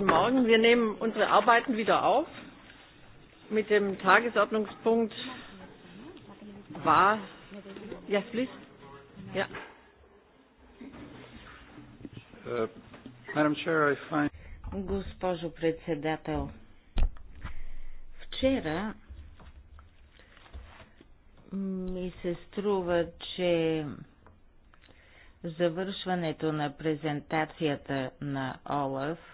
Guten Morgen. Wir nehmen unsere Arbeiten wieder auf mit dem Tagesordnungspunkt war yes, please. Yeah. Uh, Madam Chair, I find... Госпожо председател, вчера ми се струва, че завършването на презентацията на Олаф –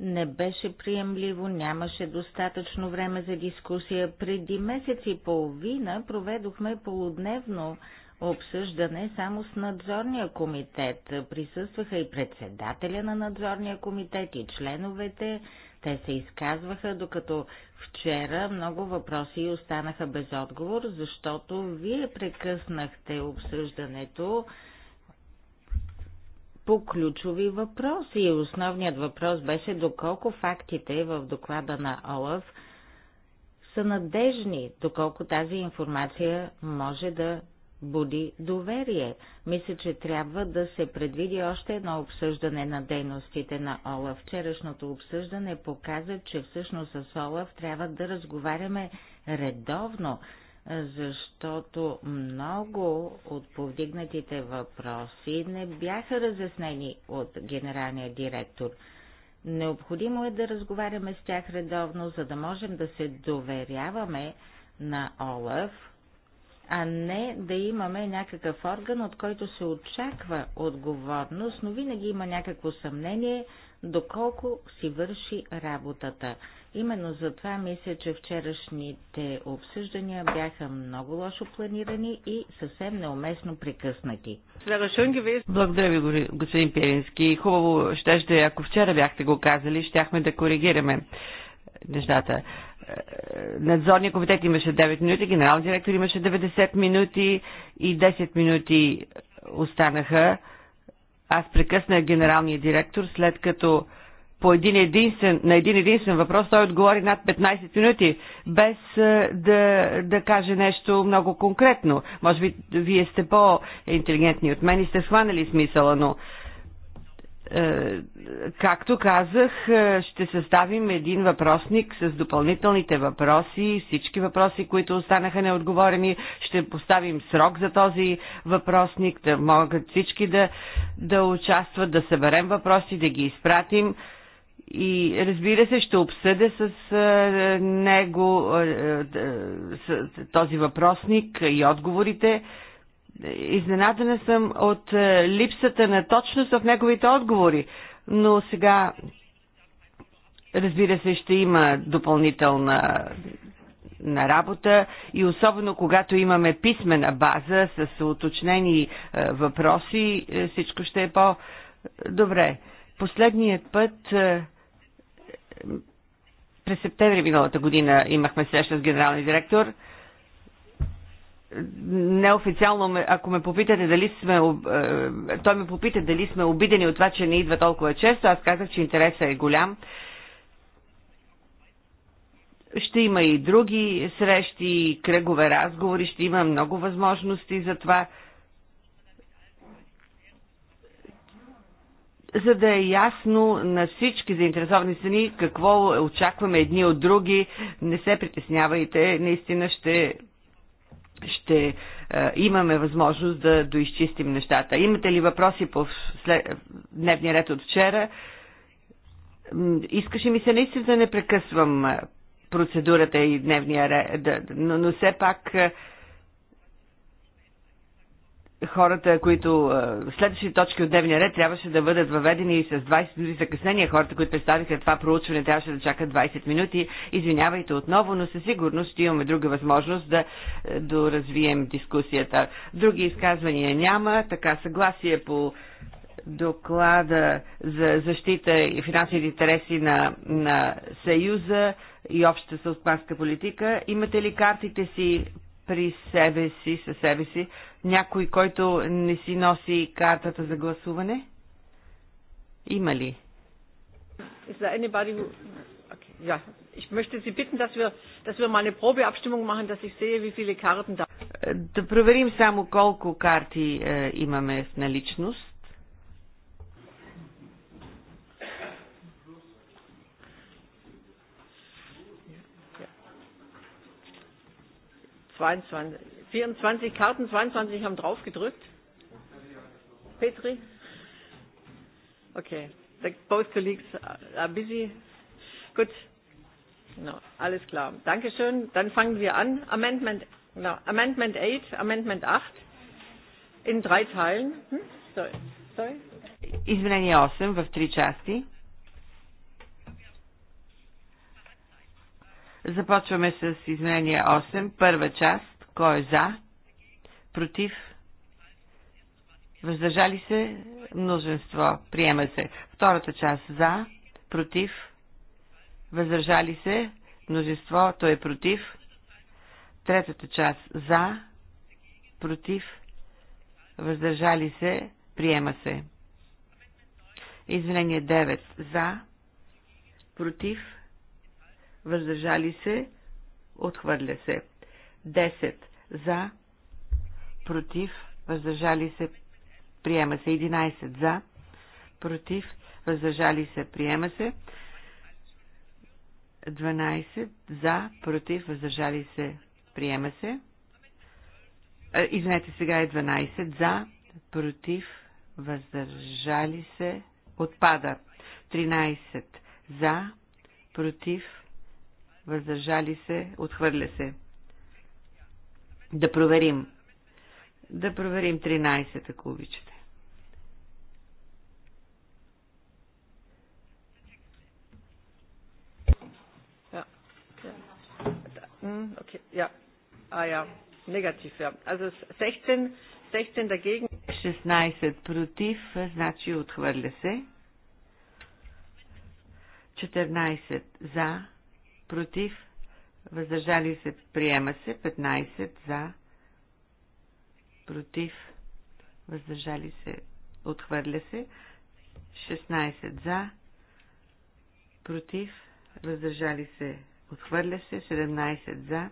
не беше приемливо, нямаше достатъчно време за дискусия. Преди месец и половина проведохме полудневно обсъждане само с надзорния комитет. Присъстваха и председателя на надзорния комитет и членовете. Те се изказваха, докато вчера много въпроси останаха без отговор, защото вие прекъснахте обсъждането по ключови въпроси. Основният въпрос беше доколко фактите в доклада на ОЛАФ са надежни, доколко тази информация може да буди доверие. Мисля, че трябва да се предвиди още едно обсъждане на дейностите на Олаф. Вчерашното обсъждане показа, че всъщност с Олаф трябва да разговаряме редовно, защото много от повдигнатите въпроси не бяха разяснени от генералния директор. Необходимо е да разговаряме с тях редовно, за да можем да се доверяваме на Олаф, а не да имаме някакъв орган, от който се очаква отговорност, но винаги има някакво съмнение, доколко си върши работата. Именно за това мисля, че вчерашните обсъждания бяха много лошо планирани и съвсем неуместно прекъснати. Благодаря ви, господин Пирински. Хубаво ще, ще ако вчера бяхте го казали, щяхме да коригираме нещата. Надзорния комитет имаше 9 минути, генерал директор имаше 90 минути и 10 минути останаха. Аз прекъснах генералния директор, след като по един единствен, на един единствен въпрос, той отговори над 15 минути, без е, да, да каже нещо много конкретно. Може би вие сте по-интелигентни от мен и сте схванали смисъла, но е, както казах, е, ще съставим един въпросник с допълнителните въпроси, всички въпроси, които останаха неотговорени. Ще поставим срок за този въпросник, да могат всички да, да участват, да съберем въпроси, да ги изпратим и разбира се, ще обсъдя с него този въпросник и отговорите. Изненадана съм от липсата на точност в неговите отговори, но сега, разбира се, ще има допълнителна на работа и особено когато имаме писмена база с уточнени въпроси, е, всичко ще е по-добре. Последният път е, през септември миналата година имахме среща с генералния директор. Неофициално, ако ме попитате дали сме, е, той ме попита дали сме обидени от това, че не идва толкова често, аз казах, че интересът е голям. Ще има и други срещи, кръгове разговори, ще има много възможности за това. за да е ясно на всички заинтересовани страни какво очакваме едни от други. Не се притеснявайте, наистина ще, ще е, имаме възможност да доизчистим нещата. Имате ли въпроси по след, дневния ред от вчера? Искаше ми се наистина да не прекъсвам е, процедурата и дневния ред, но, но все пак е, хората, които следващите точки от дневния ред трябваше да бъдат въведени с 20 минути закъснение. Хората, които представиха това проучване, трябваше да чакат 20 минути. Извинявайте отново, но със сигурност ще имаме друга възможност да е, доразвием дискусията. Други изказвания няма, така съгласие по доклада за защита и финансовите интереси на, на Съюза и общата съоспанска политика. Имате ли картите си при себе си, със себе си? някой, който не си носи картата за гласуване? Има ли? Да проверим само колко карти е, имаме в наличност. Yeah. 22. 24 Karten, 22 haben drauf gedrückt. Petri? Okay. The Both colleagues are busy. Gut. No, alles klar. Dankeschön. Dann fangen wir an. Amendment, no, Amendment 8, Amendment 8 in drei Teilen. Hm? Sorry. Sorry. Изменение 8 в три части. Започваме с изменение 8, първа част. Кой е за? Против? Въздържали се? Множество. Приема се. Втората част за, против, въздържали се, той е против. Третата част за, против, въздържали се, приема се. Извинение 9 за, против, въздържали се, отхвърля се. 10 за, против, въздържали се, приема се. 11 за, против, въздържали се, приема се. 12 за, против, въздържали се, приема се. Извинете, сега е 12 за, против, въздържали се, отпада. 13 за, против, въздържали се, отхвърля се. Да проверим. Да проверим 13, ако обичате. Негатив, ja. Ah ja, 16 против, значи отхвърля се. 14 за, против, въздържали се, приема се, 15 за, против, въздържали се, отхвърля се, 16 за, против, въздържали се, отхвърля се, 17 за,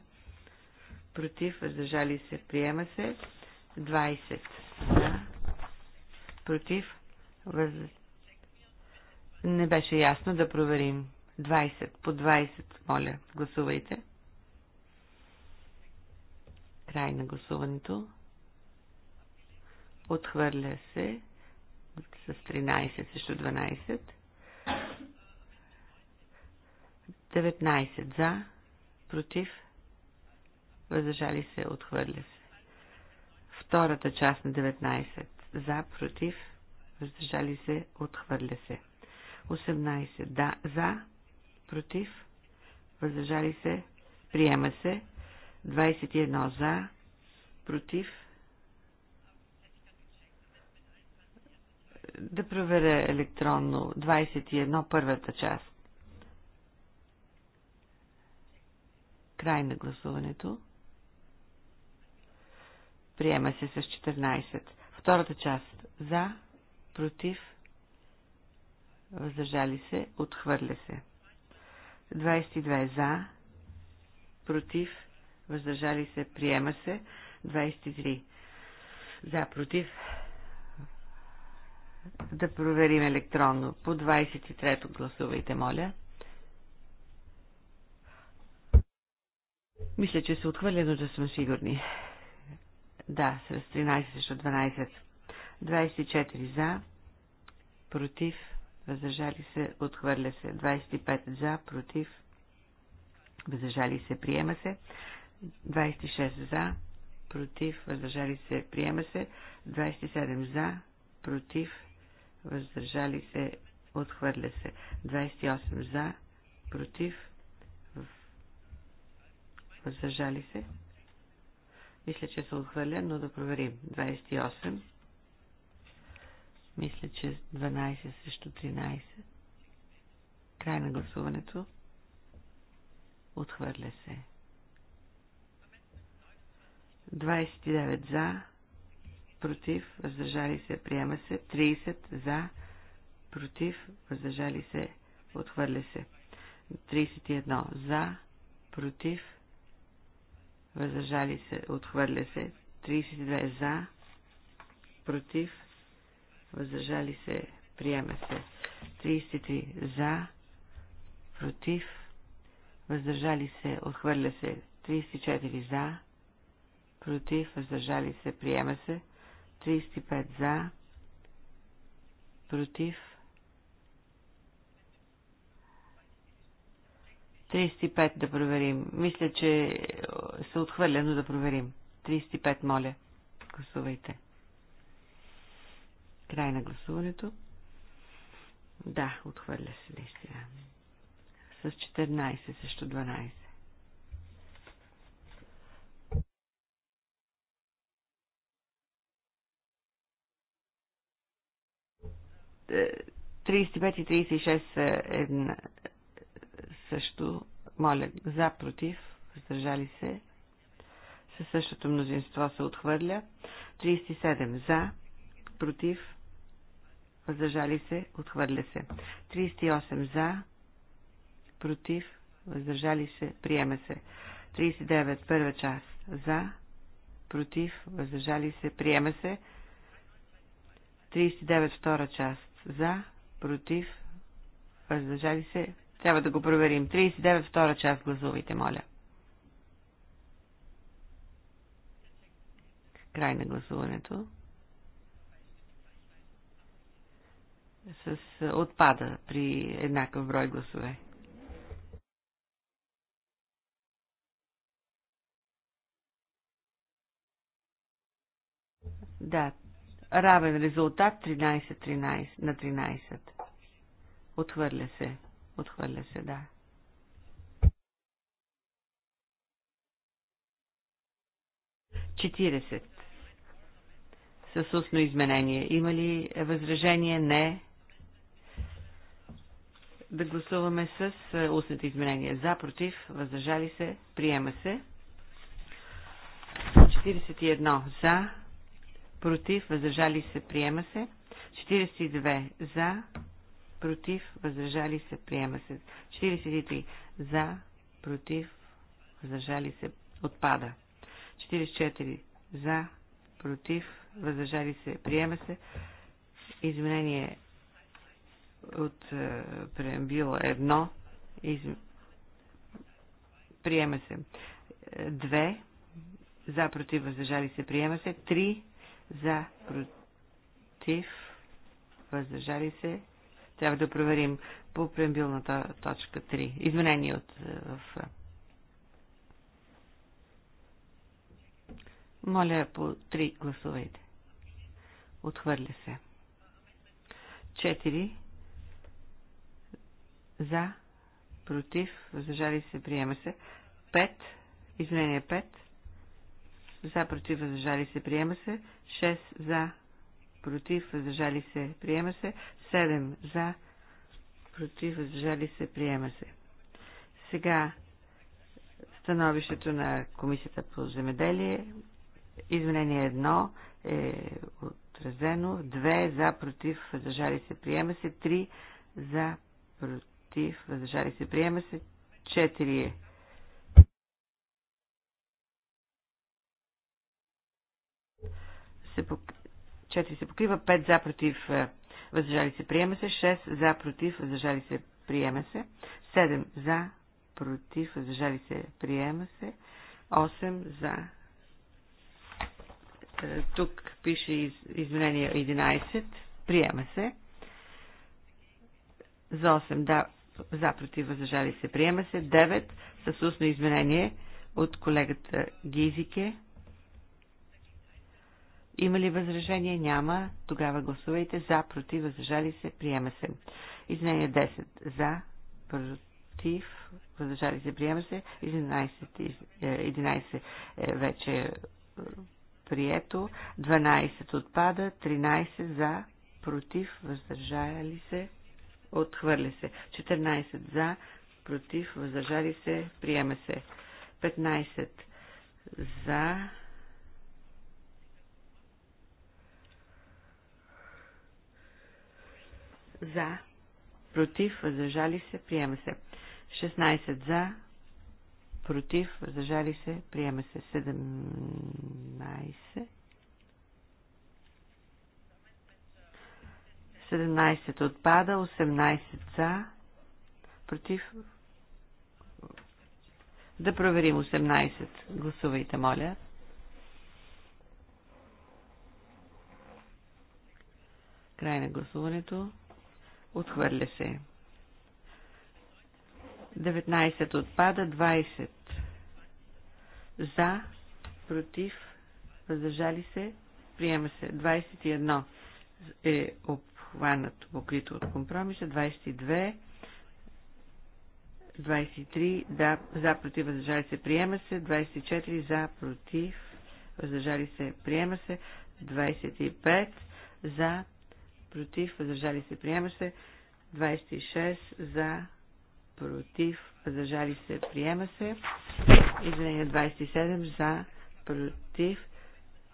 против, въздържали се, приема се, 20 за, против, въздържали не беше ясно да проверим. 20. По 20, моля, гласувайте. Край на гласуването. Отхвърля се с 13 срещу 12. 19 за, против, въздържали се, отхвърля се. Втората част на 19 за, против, въздържали се, отхвърля се. 18 да, за, против, въздържали се, приема се, 21 за, против. Да проверя електронно 21 първата част. Край на гласуването. Приема се с 14. Втората част. За, против, въздържали се, отхвърля се. 22 за, против, въздържали се, приема се, 23 за, против. Да проверим електронно. По 23-то гласувайте, моля. Мисля, че се отхвърля, но да сме сигурни. Да, с 13 срещу 12. 24 за, против, въздържали се, отхвърля се. 25 за, против, въздържали се, приема се. 26 за, против, въздържали се, приема се. 27 за, против, въздържали се, отхвърля се. 28 за, против, въздържали се. Мисля, че се отхвърля, но да проверим. 28. Мисля, че 12 срещу 13. Край на гласуването. Отхвърля се. 29 за, против, въздържали се, приема се. 30 за, против, въздържали се, отхвърля се. 31 за, против, въздържали се, отхвърля се. 32 за, против, въздържали се, приема се. 33 за, против, въздържали се, отхвърля се. 34 за, против, въздържали се, приема се. 35 за, против, 35 да проверим. Мисля, че се отхвърля, но да проверим. 35, моля. Гласувайте. Край на гласуването. Да, отхвърля се наистина. С 14 също 12. Е, 35 и 36 са една, също, моля, за, против, въздържали се, със същото мнозинство се отхвърля. 37 за, против, въздържали се, отхвърля се. 38 за, против, въздържали се, приема се. 39 първа част за, против, въздържали се, приема се. 39 втора част за, против, въздържали се. Трябва да го проверим. 39 втора част гласувайте, моля. Край на гласуването. с, е, отпада при еднакъв брой гласове. Да, равен резултат 13, 13 на 13. Отхвърля се. Отхвърля се, да. Четиресет. С устно изменение. Има ли възражение? Не да гласуваме с е, устните изменения. За, против, въздържали се, приема се. 41 за, против, въздържали се, приема се. 42 за, против, въздържали се, приема се. 43 за, против, въздържали се, отпада. 44 за, против, въздържали се, приема се. Изменение от е, преамбила 1. Из... Приема се. 2. За против въздържали се. Приема се. 3. За против въздържали се. Трябва да проверим по преамбилната точка 3. Изменение от е, в е. Моля, по три гласувайте. Отхвърля се. За. Против. Въздържали се. Приема се. 5. Изменение 5. За. Против. Въздържали се. Приема се. 6. За. Против. Въздържали се. Приема се. 7. За. Против. Въздържали се. Приема се. Сега становището на Комисията по земеделие. Изменение 1 е отразено. 2 за, против, въздържали се, приема се. 3 за, против против, въздържали се, приема се. 4. Е. Се пок... 4 се покрива, 5 е, за против, въздържали се, приема се, 6 за против, въздържали се, приема се, 7 за против, въздържали се, приема се, 8 за. Тук пише из... изменение 11, приема се. За 8 да, за против въздържали се приема се. 9 с устно изменение от колегата Гизике. Има ли възражение? Няма. Тогава гласувайте за, против, въздържали се, приема се. Изменение 10. За, против, въздържали се, приема се. 11, 11 е, е вече е, прието. 12 отпада. 13 за, против, въздържали се, Отхвърля се. 14 за, против, въздържали се, приема се. 15 за. За. Против, въздържали се, приема се. 16 за, против, въздържали се, приема се. 17. 17 отпада, 18 за, против. Да проверим 18. Гласувайте, моля. Край на гласуването. Отхвърля се. 19 отпада, 20 за, против, въздържали се, приема се. 21 е обхванато, покрито от компромиса. 22. 23. Да, за, против, въздържали се, приема се. 24. За, против, въздържали се, приема се. 25. За, против, въздържали се, приема се. 26. За, против, въздържали се, приема се. извинение, 27. За, против,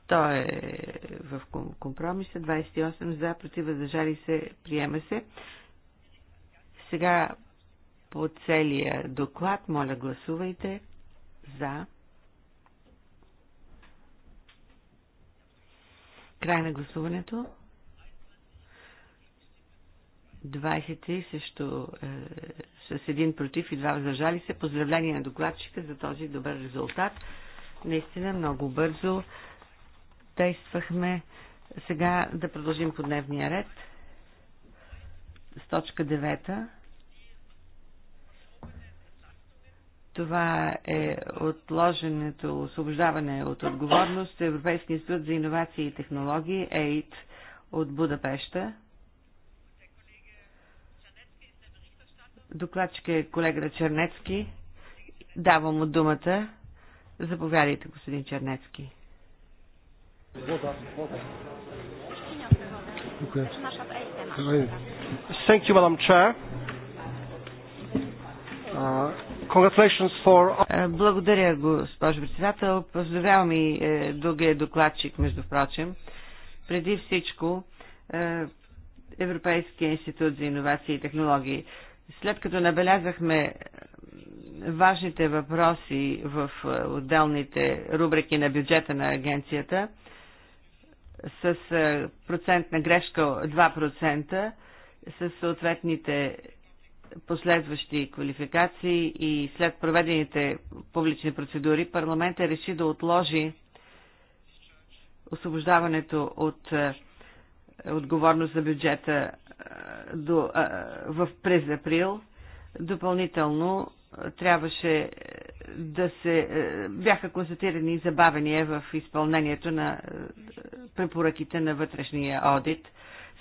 той е в компромиса. 28 за, против, въздържали се, приема се. Сега по целия доклад, моля гласувайте за. Край на гласуването. 23 също е, с един против и два въздържали се. Поздравление на докладчика за този добър резултат. Наистина много бързо действахме. Сега да продължим по дневния ред. С точка 9. Това е отложенето, освобождаване от отговорност Европейски институт за иновации и технологии, ЕИТ, от Будапешта. Докладчик е колега Чернецки. Давам му думата. Заповядайте, господин Чернецки. Thank you, Madam Chair. Uh, for... E, благодаря, госпожо председател. Поздравявам и е, другия докладчик, между прочим. Преди всичко, е, Европейския институт за иновации и технологии. След като набелязахме е, важните въпроси в отделните рубрики на бюджета на агенцията, с е, процентна грешка 2%, с съответните последващи квалификации и след проведените публични процедури, парламентът реши да отложи освобождаването от е, отговорност за бюджета е, до, в, през април, допълнително трябваше е, да се. Е, бяха констатирани забавения в изпълнението на е, препоръките на вътрешния одит.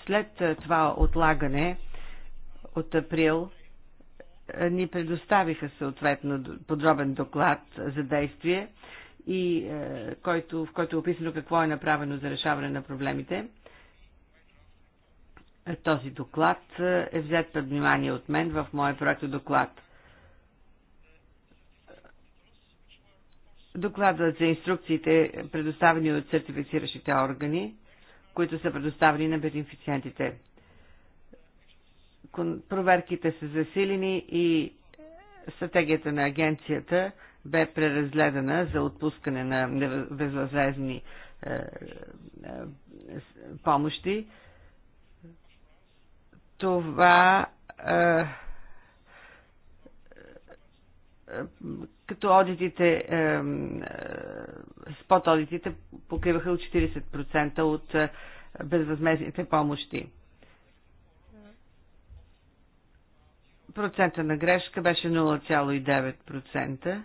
След това отлагане от април ни предоставиха съответно подробен доклад за действие, и, който, в който е описано какво е направено за решаване на проблемите. Този доклад е взет под внимание от мен в моя проект доклад – Докладът за инструкциите, предоставени от сертифициращите органи, които са предоставени на бенефициентите. Проверките са засилени и стратегията на агенцията бе преразгледана за отпускане на безвъзмездни е, е, помощи. Това е, като одитите, е, спот одитите покриваха от 40% от е, безвъзмезните помощи. Процента на грешка беше 0,9%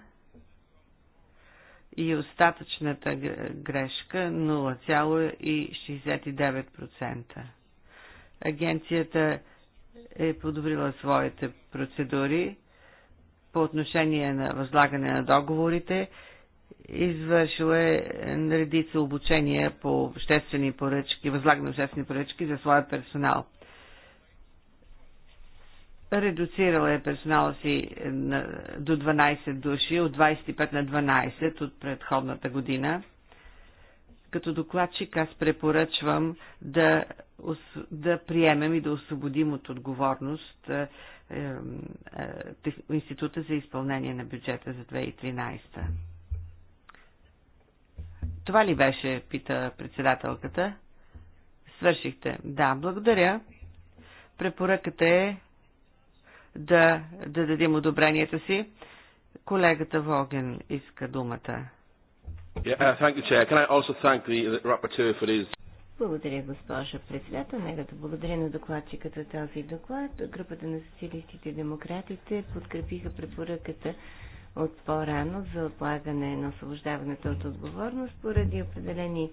и остатъчната грешка 0,69%. Агенцията е подобрила своите процедури по отношение на възлагане на договорите. Извършил е редица обучения по обществени поръчки, възлагане на обществени поръчки за своя персонал. Редуцирал е персонала си до 12 души, от 25 на 12 от предходната година като докладчик аз препоръчвам да, да приемем и да освободим от отговорност е, е, Института за изпълнение на бюджета за 2013. Това ли беше, пита председателката? Свършихте. Да, благодаря. Препоръката е да, да дадем одобрението си. Колегата Воген иска думата. Yeah, you, Благодаря, госпожа председател. Нека да благодаря на докладчиката този доклад. Групата на социалистите и демократите подкрепиха препоръката от по-рано за отлагане на освобождаването от отговорност поради определени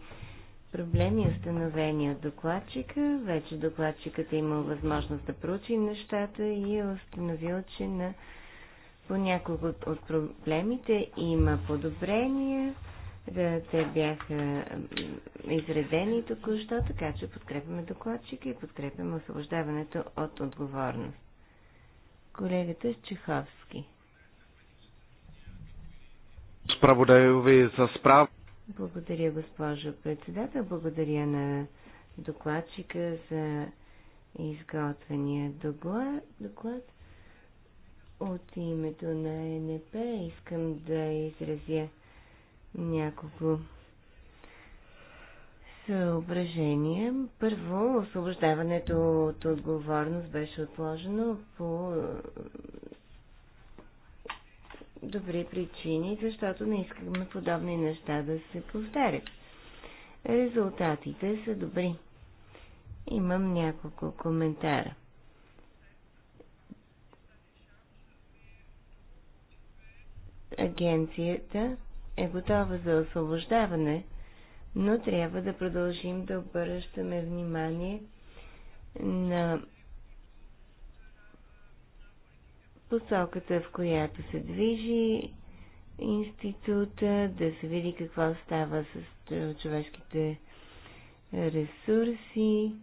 проблеми, установени от докладчика. Вече докладчикът е имал възможност да проучи нещата и е установил, че на по няколко от проблемите има подобрения да, те бяха изредени току-що, така че подкрепяме докладчика и подкрепяме освобождаването от отговорност. Колегата Чеховски. ви за справ. Благодаря, госпожо председател. Благодаря на докладчика за изготвения доклад. доклад. От името на НП искам да изразя няколко съображения. Първо, освобождаването от отговорност беше отложено по е, добри причини, защото не искаме подобни неща да се повтарят. Резултатите са добри. Имам няколко коментара. Агенцията е готова за освобождаване, но трябва да продължим да обръщаме внимание на посоката, в която се движи института, да се види какво става с човешките ресурси.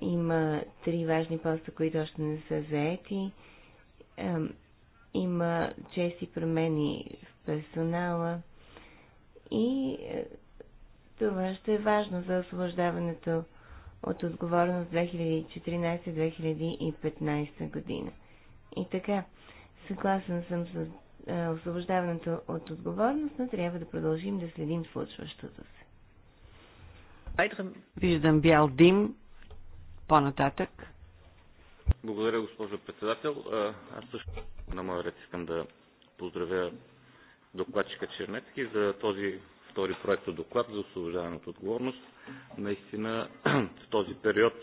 Има три важни поста, които още не са заети има чести промени в персонала и е, това ще е важно за освобождаването от отговорност 2014-2015 година. И така, съгласен съм с е, освобождаването от отговорност, но трябва да продължим да следим случващото се. Виждам бял дим по-нататък. Благодаря, госпожо председател. Аз също на моя ред искам да поздравя докладчика Чернецки за този втори проект доклад за освобождаване от отговорност. Наистина в този период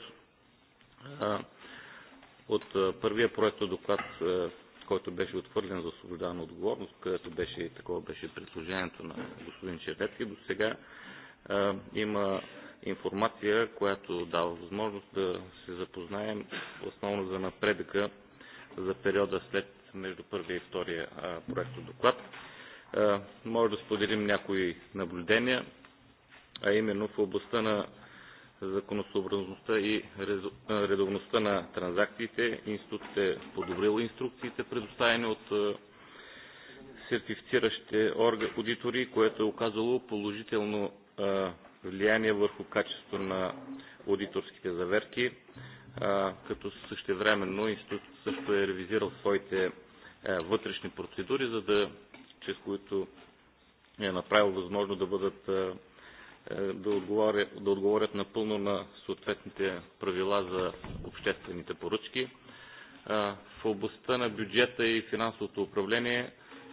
от първия проект доклад, който беше отхвърлен за освобождаване от отговорност, където беше такова беше предложението на господин Чернецки, до сега е, има информация, която дава възможност да се запознаем основно за напредъка за периода след между първия и втория проект доклад. Е, може да споделим някои наблюдения, а именно в областта на законосъобразността и редовността на транзакциите. Институтът е подобрил инструкциите, предоставени от сертифициращите аудитори, което е оказало положително влияние върху качеството на аудиторските заверки, като същевременно институтът също е ревизирал своите вътрешни процедури, за да, чрез които е направил възможно да бъдат да отговорят, да отговорят напълно на съответните правила за обществените поръчки. В областта на бюджета и финансовото управление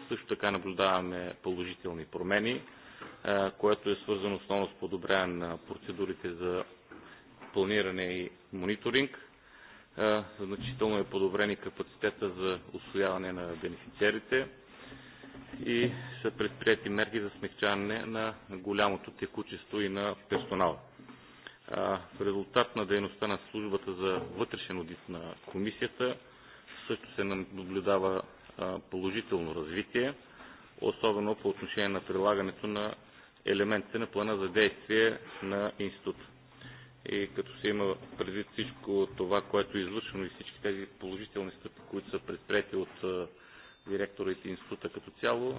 също така наблюдаваме положителни промени е, което е свързано основно с подобряване на процедурите за планиране и мониторинг. Е, значително е подобрен и капацитета за освояване на бенефициерите и са предприяти мерки за смягчаване на голямото текучество и на персонала. Е, в резултат на дейността на службата за вътрешен одит на комисията също се наблюдава положително развитие особено по отношение на прилагането на елементите на плана за действие на института. И като се има предвид всичко това, което е извършено и всички тези положителни стъпки, които са предприяти от директора и института като цяло,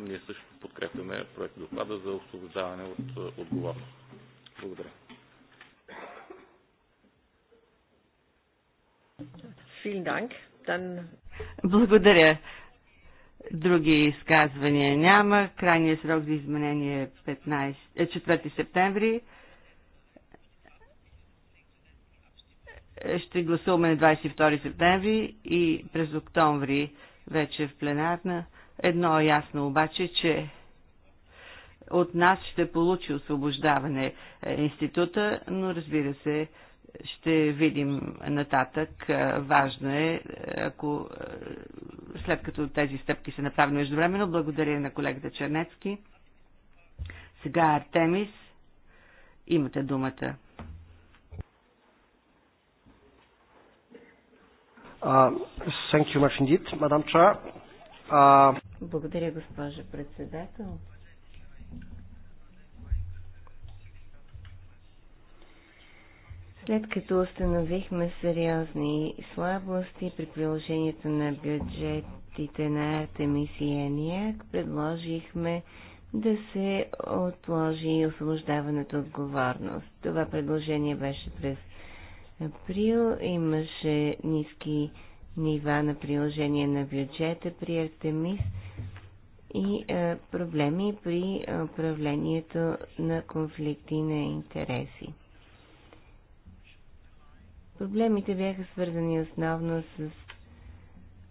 ние също подкрепяме проект доклада за освобождаване от отговорност. Благодаря. Vielen Dank. Dann Благодаря. Други изказвания няма. Крайният срок за изменение е 15, 4 е, септември. Ще гласуваме на 22 септември и през октомври вече в пленарна. Едно е ясно обаче, че от нас ще получи освобождаване е, института, но разбира се, ще видим нататък. Е, важно е, е ако е, след като тези стъпки са направени междувременно, благодаря на колегата Чернецки. Сега Артемис, имате думата. Uh, thank you much indeed, Madam Chair. Uh... Благодаря, госпожа председател. След като установихме сериозни слабости при приложението на бюджетите на Артемис и Ениак, предложихме да се отложи освобождаването отговорност. Това предложение беше през април. Имаше ниски нива на приложение на бюджета при Артемис и е, проблеми при управлението на конфликти на интереси. Проблемите бяха свързани основно с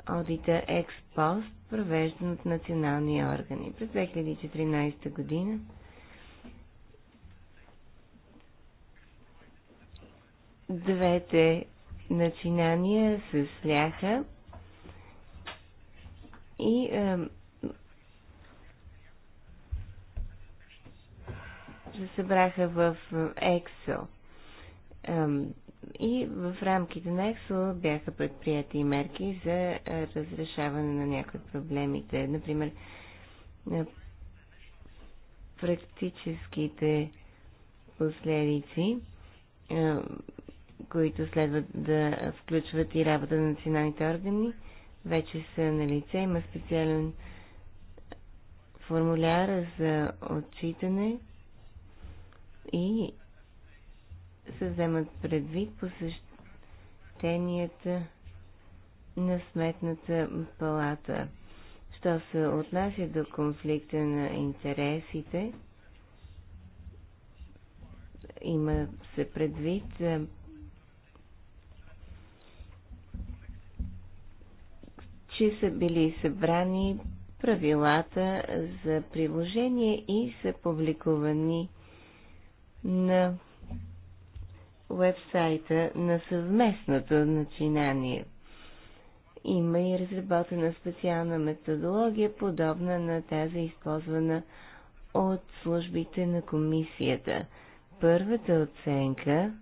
аудита експост, провеждан от национални органи. През 2014 година двете начинания се сляха и е, се събраха в Ексо. Е, и в рамките на Ексо бяха предприяти мерки за е, разрешаване на някои проблемите. Например, е, практическите последици, е, които следват да включват и работа на националните органи, вече са на лице. Има специален формуляр за отчитане и се вземат предвид посещенията на сметната палата. Що се отнася до конфликта на интересите, има се предвид е, че са били събрани правилата за приложение и са публикувани на вебсайта на съвместното начинание. Има и разработена специална методология, подобна на тази използвана от службите на комисията. Първата оценка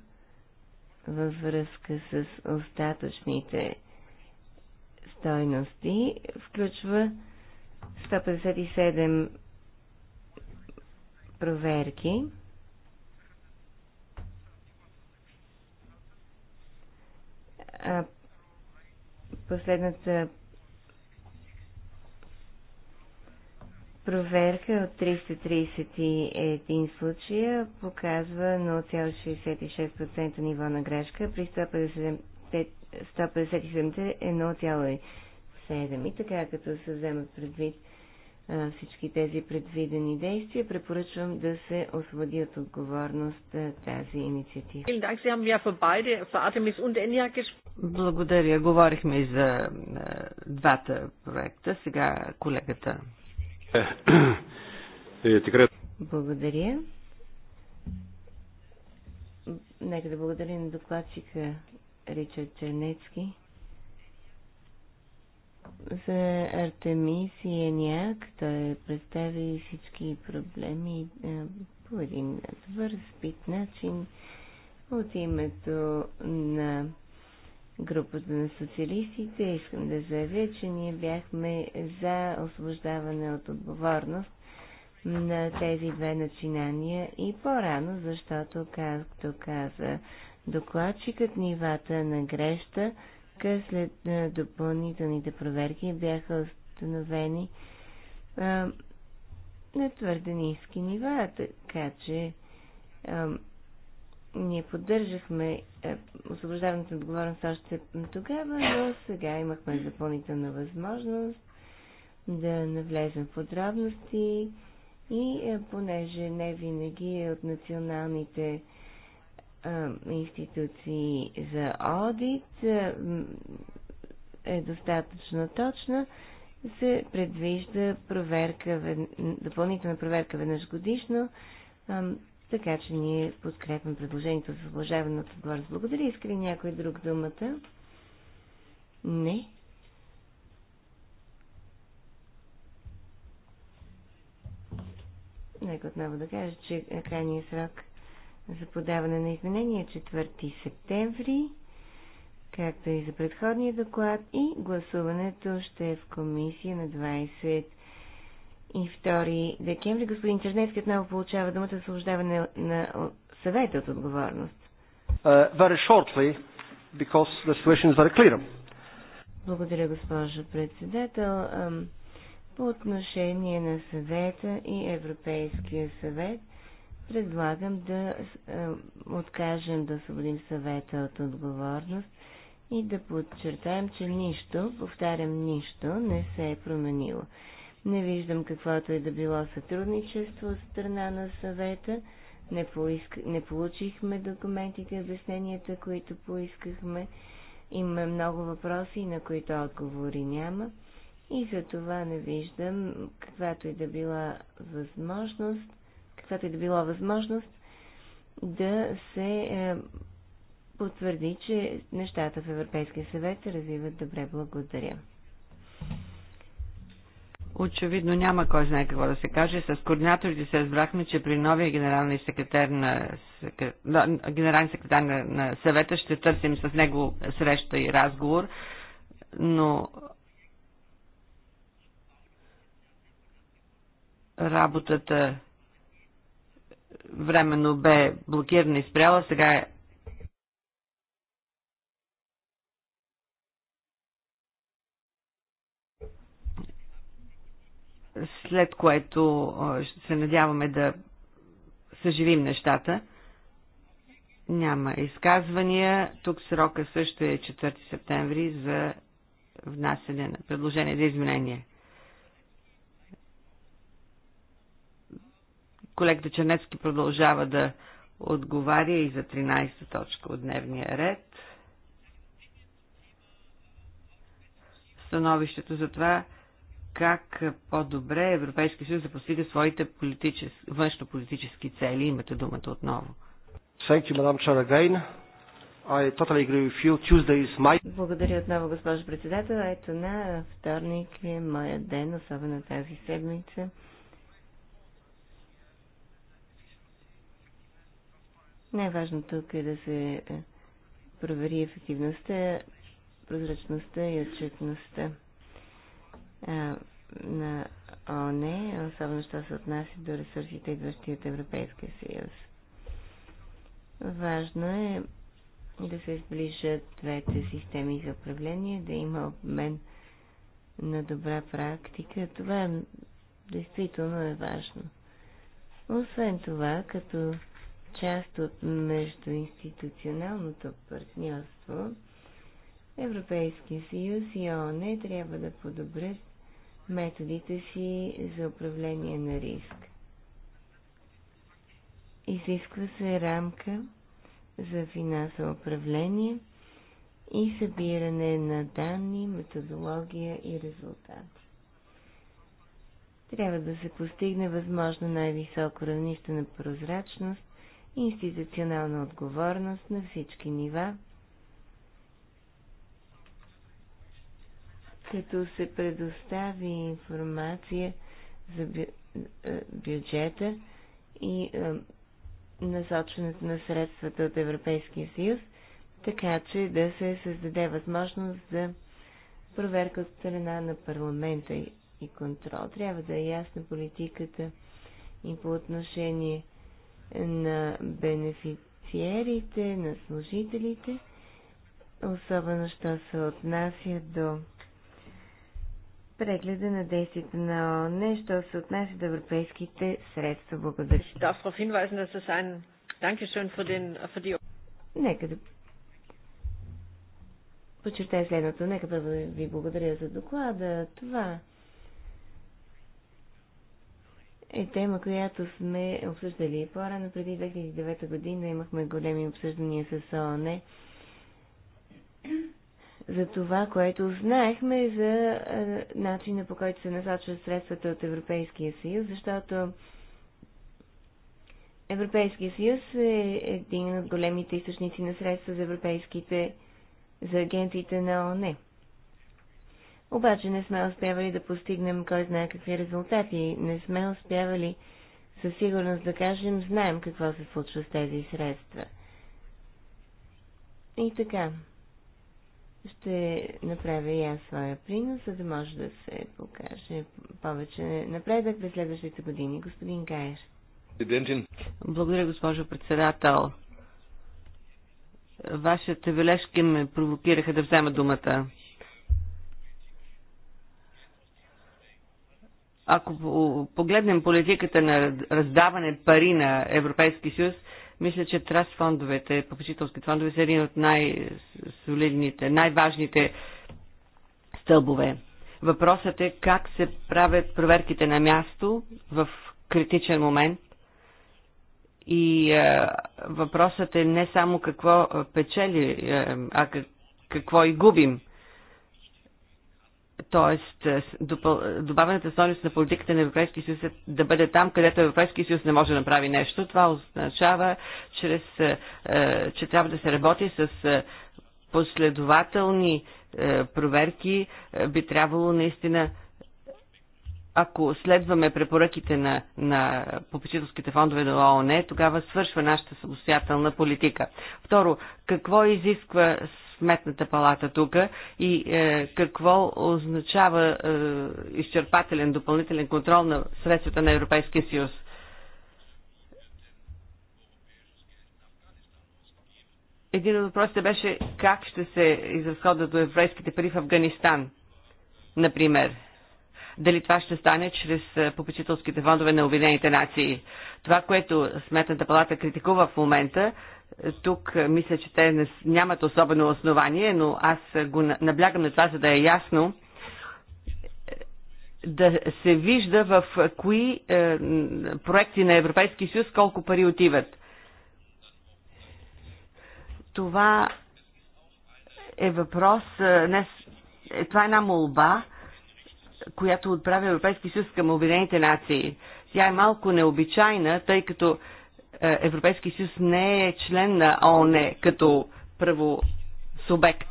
във връзка с остатъчните стойности включва 157 проверки, а, последната проверка от 331 случая показва 0,66% ниво на грешка, при 157 е 0,7. И така, като се вземат предвид всички тези предвидени действия, препоръчвам да се освободи от отговорност тази инициатива. Благодаря. Говорихме и за двата проекта. Сега колегата. Благодаря. Нека да благодаря на докладчика Ричард Чернецки за Артемис и Еняк. Той представи всички проблеми по един добър, спит начин от името на групата на социалистите. Искам да заявя, че ние бяхме за освобождаване от отговорност на тези две начинания и по-рано, защото, както каза докладчикът, нивата на греща сметка след е, допълнителните проверки бяха установени е, на твърде ниски нива, така че а, е, ние поддържахме освобождаването освобождаването отговорност още тогава, но сега имахме допълнителна възможност да навлезем в подробности и а, понеже не винаги от националните а, институции за одит е достатъчно точна, се предвижда проверка, допълнителна проверка веднъж годишно, така че ние подкрепям предложението за освобождаване от отговорност. Благодаря. Иска ли някой друг думата? Не. Нека отново да кажа, че крайният срок за подаване на изменения 4 септември, както и за предходния доклад и гласуването ще е в комисия на 22 декември. Господин Чернецки отново получава думата за освобождаване на съвета от отговорност. Uh, very shortly, because the situation is very clear. Благодаря, госпожо председател. По отношение на съвета и Европейския съвет, предлагам да откажем да освободим съвета от отговорност и да подчертаем, че нищо, повтарям нищо, не се е променило. Не виждам каквото е да било сътрудничество от страна на съвета. Не, поиск... не получихме документите обясненията, които поискахме. Има много въпроси, на които отговори няма. И за това не виждам каквато и да била възможност каквато и да била възможност да се е, потвърди, че нещата в Европейския съвет се развиват добре. Благодаря. Очевидно няма кой знае какво да се каже. С координаторите се разбрахме, че при новия генерален секретар на, генерален секретар на, на съвета ще търсим с него среща и разговор, но работата временно бе блокирана и спряла, сега е след което ще се надяваме да съживим нещата. Няма изказвания. Тук срока също е 4 септември за внасяне на предложение за изменение. Колегата Чернецки продължава да отговаря и за 13-та точка от дневния ред. Становището за това как по-добре Европейския съюз да постига своите политичес... външно-политически цели. Имате думата отново. Благодаря отново, госпожо председател. Ето на вторник е моят ден, особено тази седмица. Най-важно тук е да се е, провери ефективността, прозрачността и отчетността на ОНЕ, особено що се отнася до ресурсите, идващи от Европейския съюз. Важно е да се сближат двете системи за управление, да има обмен на добра практика. Това е, действително е важно. Освен това, като част от междуинституционалното партньорство, Европейския съюз и ООН трябва да подобрят методите си за управление на риск. Изисква се рамка за финансово управление и събиране на данни, методология и резултати. Трябва да се постигне възможно най-високо равнище на прозрачност институционална отговорност на всички нива, като се предостави информация за бю, е, бюджета и е, насочването на средствата от Европейския съюз, така че да се създаде възможност за проверка от страна на парламента и контрол. Трябва да е ясна политиката и по отношение на бенефициерите, на служителите, особено що се отнася до прегледа на действията на ООН, що се отнася до европейските средства. Благодаря. Нека да подчертая следното. Нека първо да ви благодаря за доклада. Това е тема, която сме обсъждали по-рано. Преди 2009 година имахме големи обсъждания с ООН за това, което знаехме за е, начина по който се насочват средствата от Европейския съюз, защото Европейския съюз е един от големите източници на средства за европейските за агентите на ООН. Обаче не сме успявали да постигнем кой знае какви резултати. Не сме успявали със сигурност да кажем, знаем какво се случва с тези средства. И така, ще направя и аз своя принос, за да може да се покаже повече напредък през следващите години. Господин Каер. Благодаря, госпожо председател. Вашите бележки ме провокираха да взема думата. Ако погледнем политиката на раздаване пари на Европейски съюз, мисля, че траст фондовете, попечителски фондове са един от най-солидните, най-важните стълбове. Въпросът е как се правят проверките на място в критичен момент и е, въпросът е не само какво е, печели, е, а какво и губим т.е. Е, добавената стойност на политиката на Европейския съюз е да бъде там, където Европейския съюз не може да направи нещо. Това означава, чрез, е, е, че трябва да се работи с последователни проверки. Би трябвало наистина ако следваме препоръките на, на попечителските фондове на ООН, тогава свършва нашата самостоятелна политика. Второ, какво изисква сметната палата тук и е, какво означава е, изчерпателен допълнителен контрол на средствата на Европейския съюз. Един от въпросите беше как ще се изразходват европейските пари в Афганистан, например. Дали това ще стане чрез е, попечителските фондове на Обединените нации. Това, което Сметната палата критикува в момента, тук мисля, че те нямат особено основание, но аз го наблягам на това, за да е ясно е, да се вижда в кои е, проекти на Европейски съюз колко пари отиват. Това е въпрос, е, не, е, това е една молба, която отправя Европейски съюз към Обединените нации. Тя е малко необичайна, тъй като е, е, Европейския съюз не е член на ООН като субект.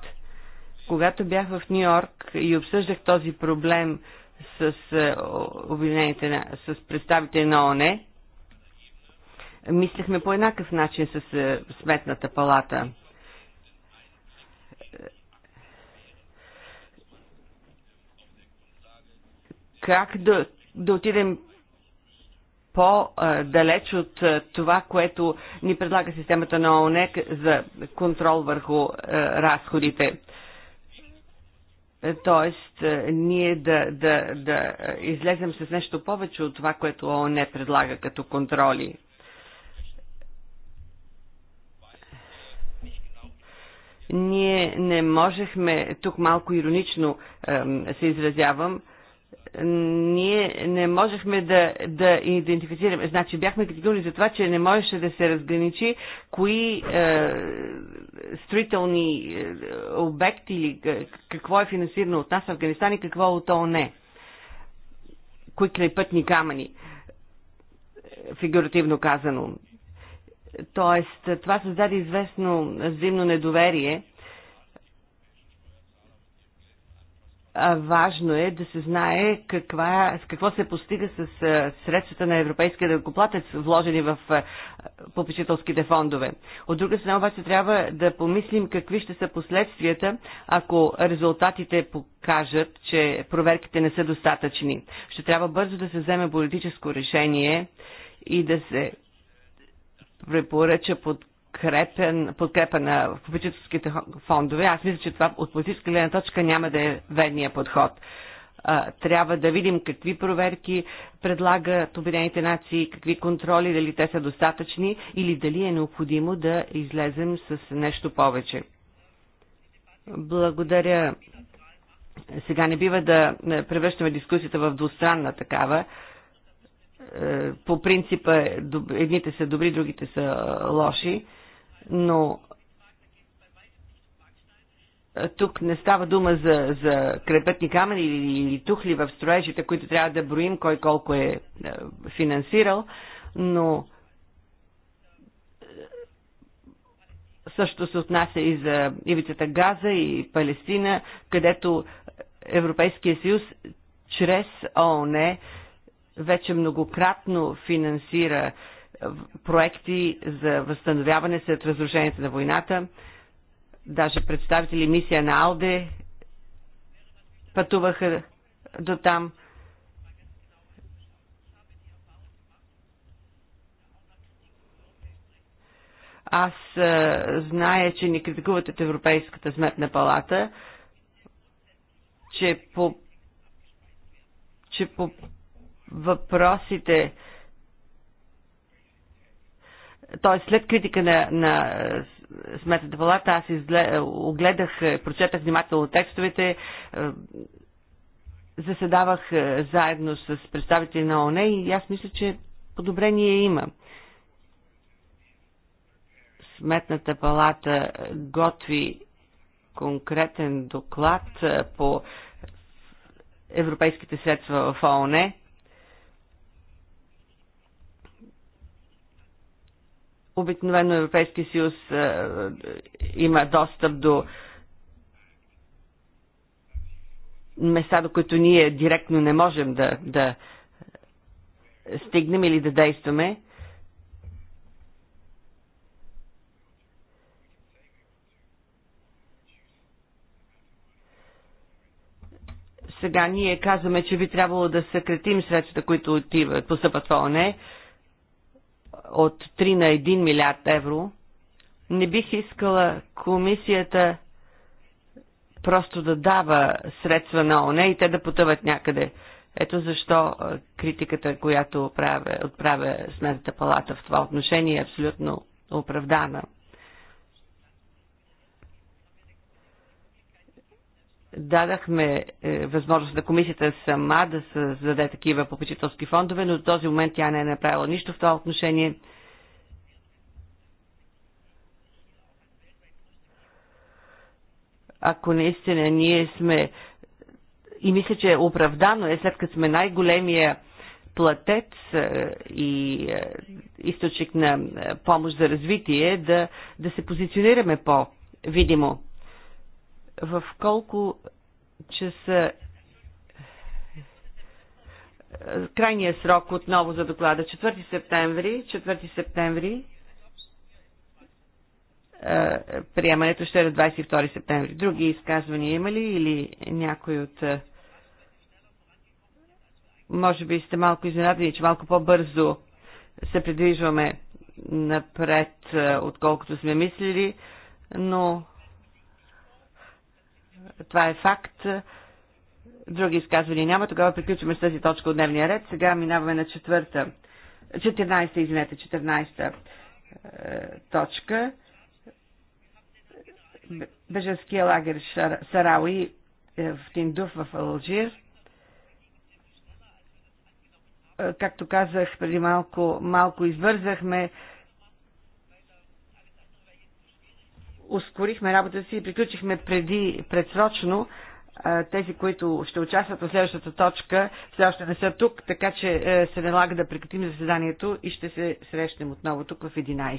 Когато бях в Нью Йорк и обсъждах този проблем с, е, обвинените, с представители на ООН, мислехме по еднакъв начин с е, Сметната палата. Как да, да отидем по-далеч от това, което ни предлага системата на ООН за контрол върху разходите. Тоест, ние да, да, да излезем с нещо повече от това, което ООН предлага като контроли. Ние не можехме, тук малко иронично се изразявам, ние не можехме да, да идентифицираме. Значи бяхме критикувани за това, че не можеше да се разграничи кои е, строителни е, обекти или какво е финансирано от нас в Афганистан и какво от ООН. Кои крайпътни камъни, е, фигуративно казано. Тоест, това създаде известно взаимно недоверие – важно е да се знае каква, какво се постига с средствата на европейския дъкоплатец, вложени в попечителските фондове. От друга страна обаче трябва да помислим какви ще са последствията, ако резултатите покажат, че проверките не са достатъчни. Ще трябва бързо да се вземе политическо решение и да се препоръча под подкрепен, подкрепа на политическите фондове. Аз мисля, че това от политическа гледна точка няма да е верния подход. Трябва да видим какви проверки предлагат Обединените нации, какви контроли, дали те са достатъчни или дали е необходимо да излезем с нещо повече. Благодаря. Сега не бива да превръщаме дискусията в двустранна такава е, по принципа едните са добри, другите са лоши но тук не става дума за, за крепетни камери или, или тухли в строежите, които трябва да броим кой колко е финансирал, но също се отнася и за ивицата Газа и Палестина, където Европейския съюз чрез ООН вече многократно финансира проекти за възстановяване след разрушението на войната. Даже представители мисия на Алде пътуваха до там. Аз а, е, зная, че ни критикуват от Европейската сметна палата, че по, че по въпросите а, т.е. след критика на, на е, Сметната палата, аз изгле, е, огледах, е, прочетах внимателно текстовете, заседавах заедно с представители на ОНЕ и аз мисля, че подобрение има. Сметната палата готви конкретен доклад по европейските средства в ООН Обикновено Европейския съюз е, е, има достъп до места, до които ние директно не можем да, да стигнем или да действаме. Сега ние казваме, че би трябвало да съкретим средствата, които отиват, постъпват в ОНЕ от 3 на 1 милиард евро, не бих искала комисията просто да дава средства на ОНЕ и те да потъват някъде. Ето защо критиката, която отправя, отправя Сметната палата в това отношение е абсолютно оправдана. дадахме е, възможност на комисията сама да създаде такива попечителски фондове, но до този момент тя не е направила нищо в това отношение. Ако наистина ние сме и мисля, че е оправдано е след като сме най-големия платец е, и е, източник на е, помощ за развитие, да, да се позиционираме по-видимо в колко часа е, крайния срок отново за доклада 4 септември 4 септември е, приемането ще е на 22 септември. Други изказвания има ли или някой от... Е, може би сте малко изненадени, че малко по-бързо се придвижваме напред, отколкото сме мислили, но това е факт. Други изказвания няма. Тогава приключваме с тази точка от дневния ред. Сега минаваме на четвърта. 14, извинете, 14 е, точка. Беженския лагер Сарауи е, в Тиндуф в Алжир. Е, както казах преди малко, малко избързахме, ускорихме работата си и приключихме преди, предсрочно. Тези, които ще участват в следващата точка, все още не са тук, така че е, се налага да прекратим заседанието и ще се срещнем отново тук в 11.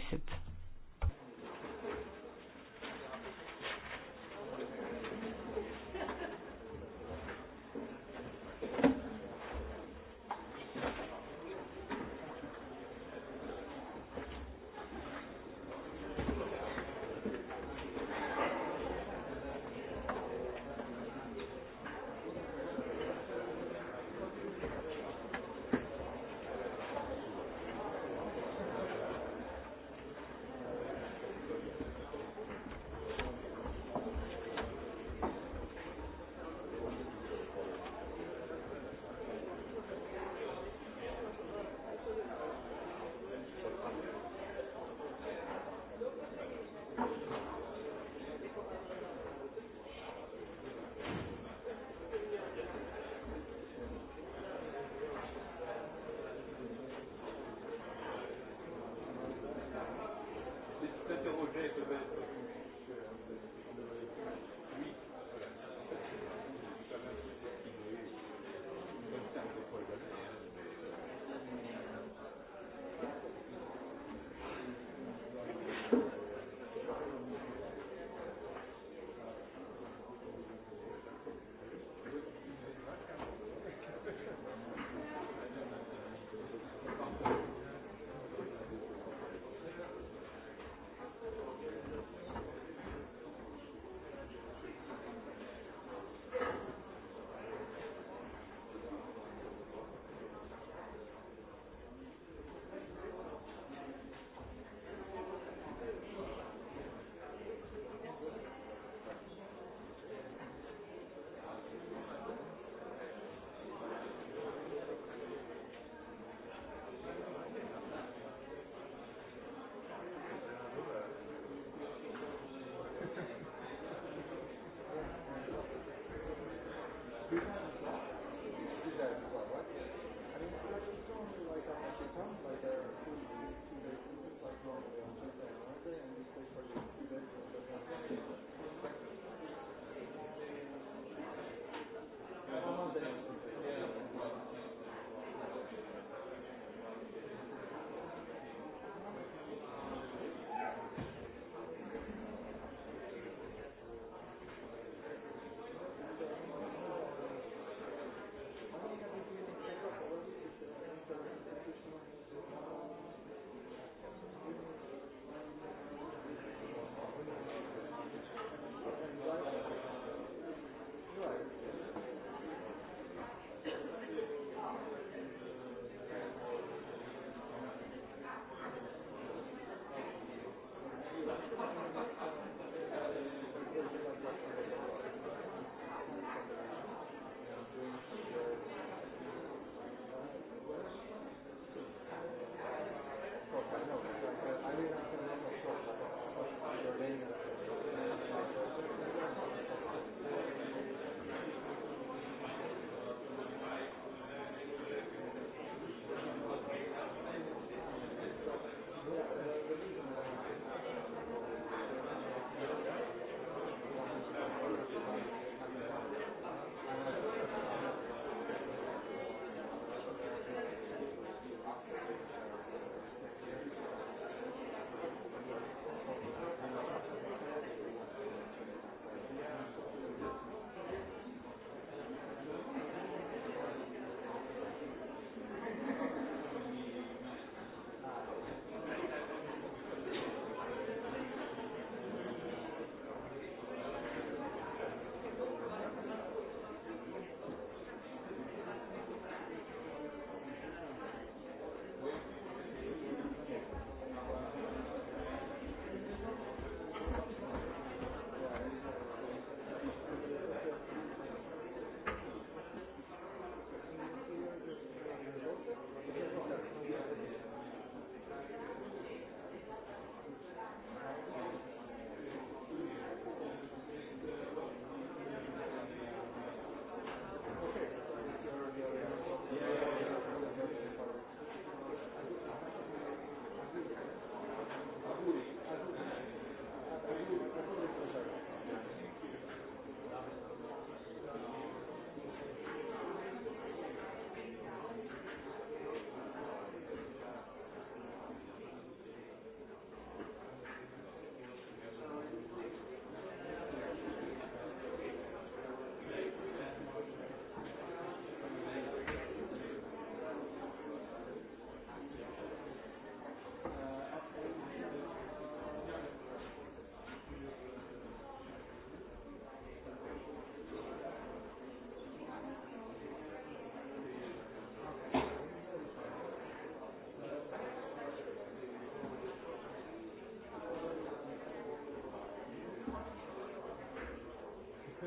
Thank you.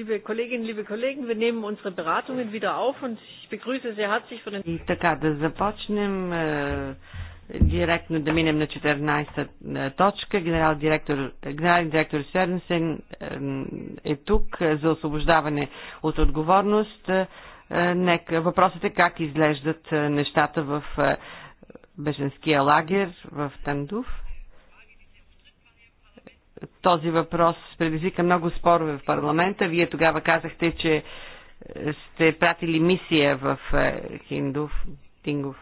Liebe Kolleginnen, liebe Kollegen, wir nehmen unsere Beratungen wieder auf und ich begrüße sehr herzlich von den... И така да започнем е, директно да минем на 14-та е, точка. Генерал директор, генерален директор Сърнсен е, е тук за освобождаване от отговорност. Е, нека, въпросът е как изглеждат нещата в беженския лагер в Тандув този въпрос предизвика много спорове в парламента. Вие тогава казахте, че е, сте пратили мисия в е, Хиндов, Тингов.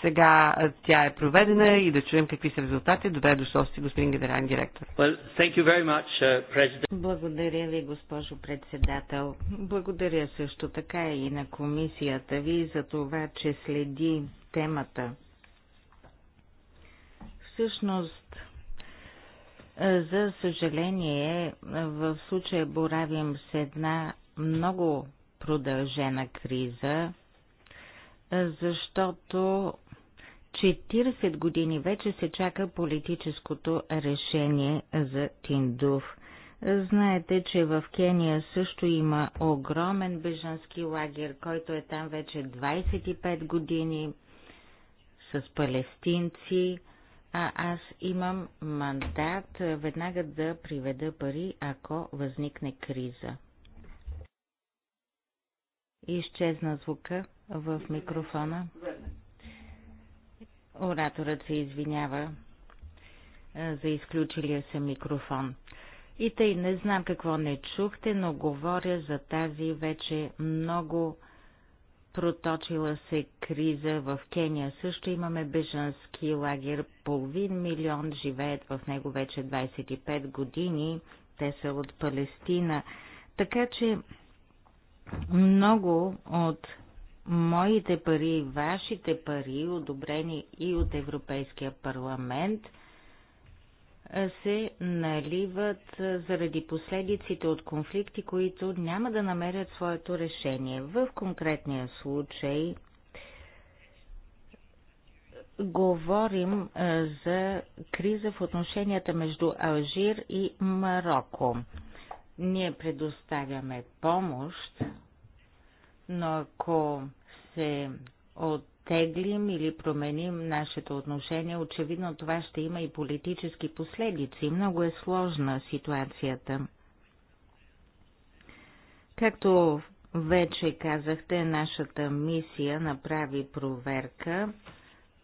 Сега е, тя е проведена и да чуем какви са резултати. Добре дошъл сте, господин генерален директор. Well, thank you very much, uh, Благодаря ви, госпожо председател. Благодаря също така и на комисията ви за това, че следи темата. Всъщност, за съжаление, в случая боравим с една много продължена криза, защото 40 години вече се чака политическото решение за Тиндув. Знаете, че в Кения също има огромен бежански лагер, който е там вече 25 години с палестинци а аз имам мандат веднага да приведа пари, ако възникне криза. Изчезна звука в микрофона. Ораторът се извинява за изключилия се микрофон. И тъй не знам какво не чухте, но говоря за тази вече много Проточила се криза в Кения. Също имаме бежански лагер. Половин милион живеят в него вече 25 години. Те са от Палестина. Така че много от моите пари, вашите пари, одобрени и от Европейския парламент – се наливат заради последиците от конфликти, които няма да намерят своето решение. В конкретния случай говорим за криза в отношенията между Алжир и Марокко. Ние предоставяме помощ, но ако се от Теглим или променим нашето отношение, очевидно това ще има и политически последици. Много е сложна ситуацията. Както вече казахте, нашата мисия направи проверка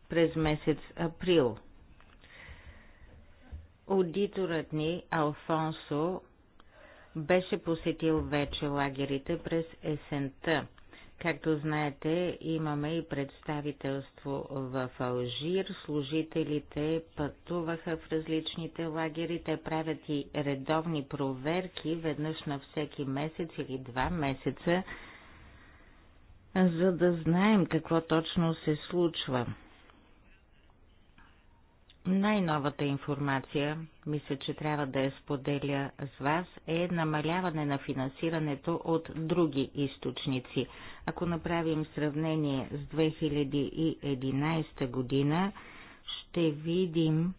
през месец април. Аудиторът ни Алфонсо беше посетил вече лагерите през есента Както знаете, имаме и представителство в Алжир. Служителите пътуваха в различните лагери. Те правят и редовни проверки веднъж на всеки месец или два месеца, за да знаем какво точно се случва. Най-новата информация, мисля, че трябва да я споделя с вас, е намаляване на финансирането от други източници. Ако направим сравнение с 2011 година, ще видим,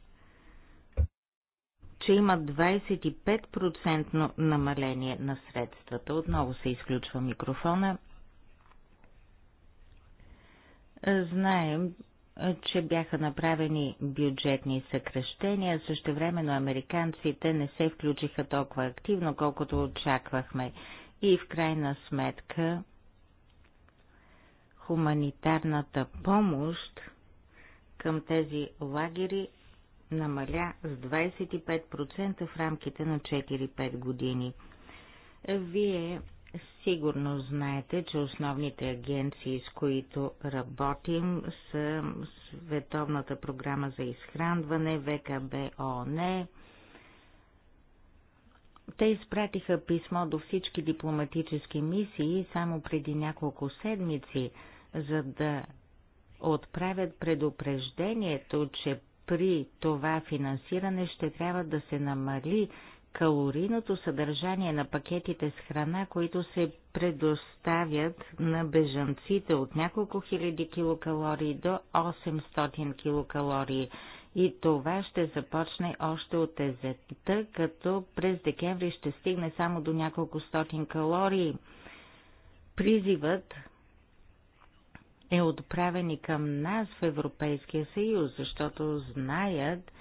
че има 25% намаление на средствата. Отново се изключва микрофона. Знаем, че бяха направени бюджетни съкръщения, същевременно американците не се включиха толкова активно, колкото очаквахме. И в крайна сметка хуманитарната помощ към тези лагери намаля с 25% в рамките на 4-5 години. Вие Сигурно знаете, че основните агенции, с които работим, са Световната програма за изхранване, ВКБ ООН. Те изпратиха писмо до всички дипломатически мисии само преди няколко седмици, за да отправят предупреждението, че при това финансиране ще трябва да се намали калорийното съдържание на пакетите с храна, които се предоставят на бежанците от няколко хиляди килокалории до 800 килокалории. И това ще започне още от езета, като през декември ще стигне само до няколко стотин калории. Призивът е отправен и към нас в Европейския съюз, защото знаят,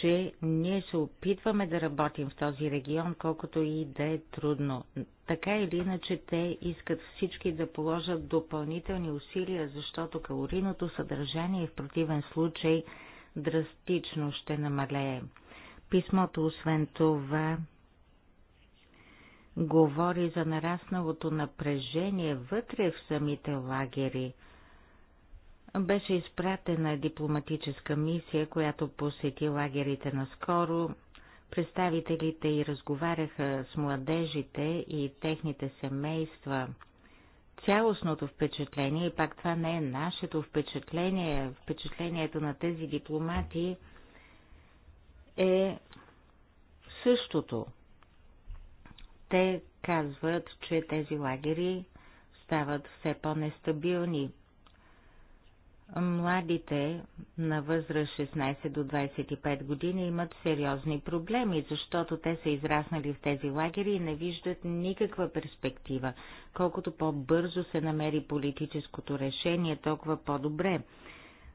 че ние се опитваме да работим в този регион, колкото и да е трудно. Така или иначе те искат всички да положат допълнителни усилия, защото калорийното съдържание в противен случай драстично ще намалее. Писмото, освен това, говори за нарасналото напрежение вътре в самите лагери – беше изпратена дипломатическа мисия, която посети лагерите наскоро. Представителите и разговаряха с младежите и техните семейства. Цялостното впечатление, и пак това не е нашето впечатление, впечатлението на тези дипломати е същото. Те казват, че тези лагери стават все по-нестабилни, Младите на възраст 16 до 25 години имат сериозни проблеми, защото те са израснали в тези лагери и не виждат никаква перспектива. Колкото по-бързо се намери политическото решение, толкова по-добре.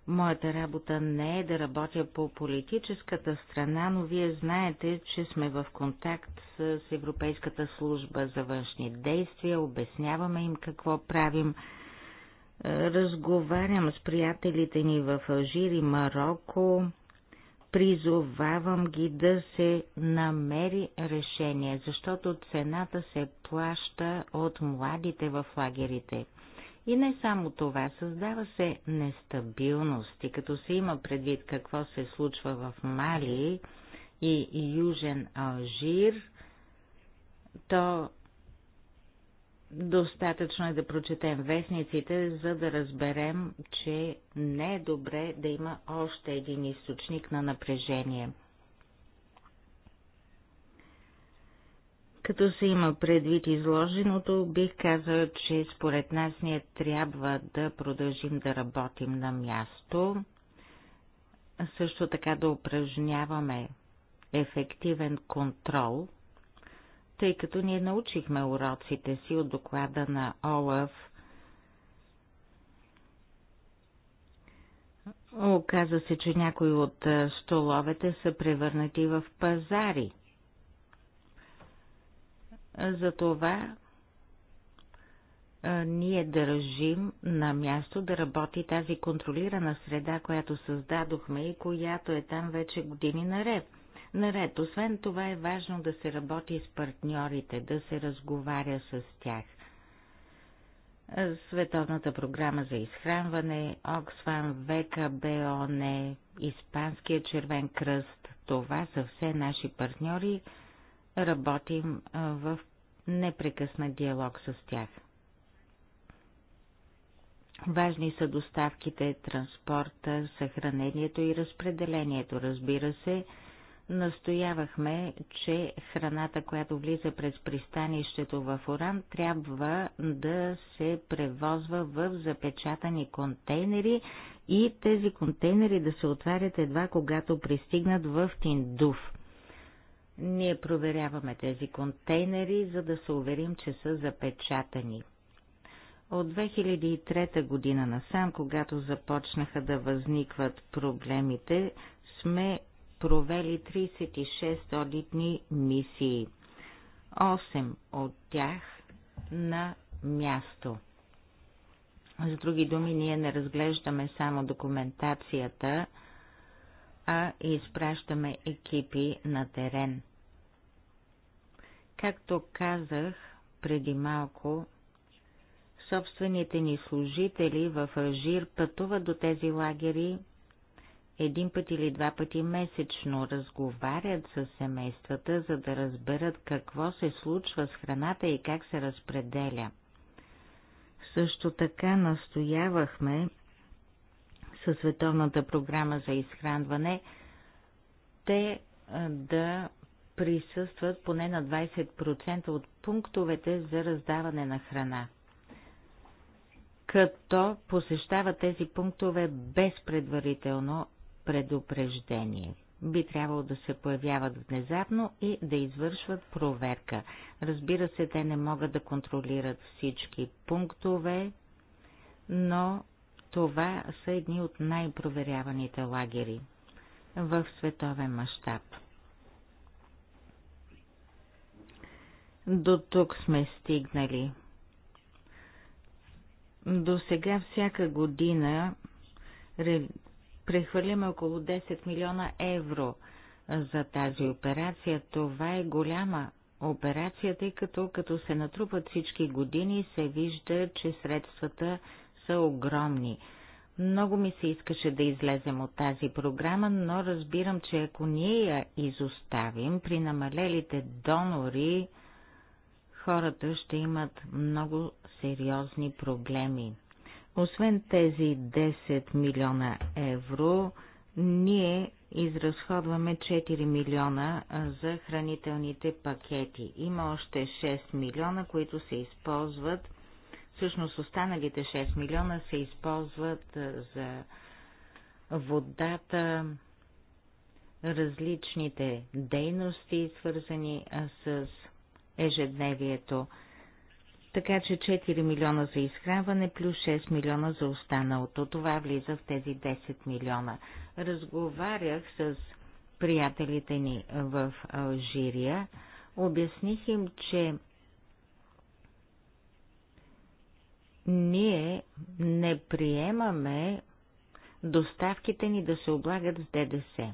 Моята работа не е да работя по политическата страна, но вие знаете, че сме в контакт с Европейската служба за външни действия, обясняваме им какво правим – Разговарям с приятелите ни в Алжир и Марокко. Призовавам ги да се намери решение, защото цената се плаща от младите в лагерите. И не само това, създава се нестабилност и като се има предвид какво се случва в Мали и Южен Алжир, то Достатъчно е да прочетем вестниците, за да разберем, че не е добре да има още един източник на напрежение. Като се има предвид изложеното, бих казал, че според нас ние трябва да продължим да работим на място, също така да упражняваме ефективен контрол – тъй като ние научихме уроците си от доклада на Олаф. Оказа се, че някои от столовете са превърнати в пазари. Затова ние държим на място да работи тази контролирана среда, която създадохме и която е там вече години наред наред. Освен това е важно да се работи с партньорите, да се разговаря с тях. Световната програма за изхранване, Оксфан Века Беоне, Испанския червен кръст, това са все наши партньори. Работим в непрекъснат диалог с тях. Важни са доставките, транспорта, съхранението и разпределението, разбира се, настоявахме, че храната, която влиза през пристанището в Оран, трябва да се превозва в запечатани контейнери и тези контейнери да се отварят едва когато пристигнат в Тиндуф. Ние проверяваме тези контейнери, за да се уверим, че са запечатани. От 2003 година насам, когато започнаха да възникват проблемите, сме провели 36 одитни мисии. 8 от тях на място. С други думи, ние не разглеждаме само документацията, а изпращаме екипи на терен. Както казах преди малко, собствените ни служители в Ажир пътуват до тези лагери един път или два пъти месечно разговарят с семействата, за да разберат какво се случва с храната и как се разпределя. Също така настоявахме със Световната програма за изхранване те да присъстват поне на 20% от пунктовете за раздаване на храна като посещава тези пунктове без предварително предупреждение. Би трябвало да се появяват внезапно и да извършват проверка. Разбира се, те не могат да контролират всички пунктове, но това са едни от най-проверяваните лагери в световен мащаб. До тук сме стигнали. До сега всяка година прехвърляме около 10 милиона евро за тази операция. Това е голяма операция, тъй като като се натрупат всички години, се вижда, че средствата са огромни. Много ми се искаше да излезем от тази програма, но разбирам, че ако ние я изоставим при намалелите донори, хората ще имат много сериозни проблеми. Освен тези 10 милиона евро, ние изразходваме 4 милиона за хранителните пакети. Има още 6 милиона, които се използват. Всъщност останалите 6 милиона се използват за водата, различните дейности, свързани с ежедневието така че 4 милиона за изхранване плюс 6 милиона за останалото. Това влиза в тези 10 милиона. Разговарях с приятелите ни в Алжирия, обясних им, че ние не приемаме доставките ни да се облагат с ДДС.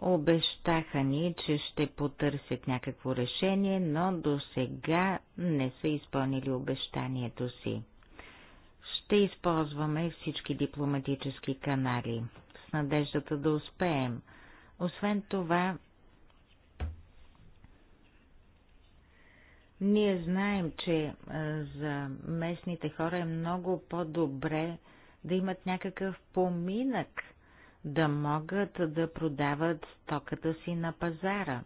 Обещаха ни, че ще потърсят някакво решение, но до сега не са изпълнили обещанието си. Ще използваме всички дипломатически канали, с надеждата да успеем. Освен това, Ние знаем, че за местните хора е много по-добре да имат някакъв поминък да могат да продават стоката си на пазара.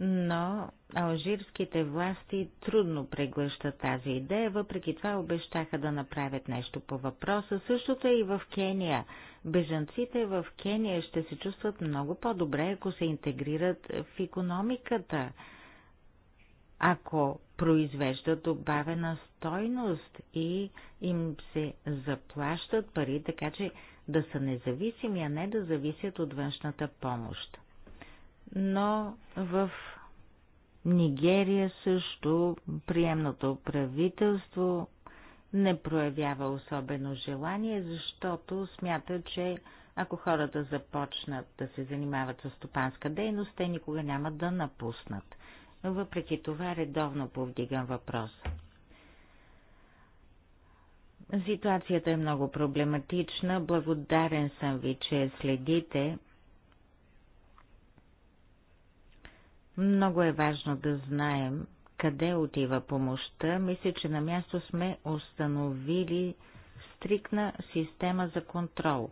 Но алжирските власти трудно преглъщат тази идея, въпреки това обещаха да направят нещо по въпроса. Същото е и в Кения. Бежанците в Кения ще се чувстват много по-добре, ако се интегрират в економиката, ако произвеждат добавена стойност и им се заплащат пари, така че да са независими, а не да зависят от външната помощ. Но в Нигерия също приемното правителство не проявява особено желание, защото смята, че ако хората започнат да се занимават с стопанска дейност, те никога няма да напуснат. Въпреки това редовно повдигам въпроса. Ситуацията е много проблематична. Благодарен съм ви, че следите. Много е важно да знаем къде отива помощта. Мисля, че на място сме установили стрикна система за контрол.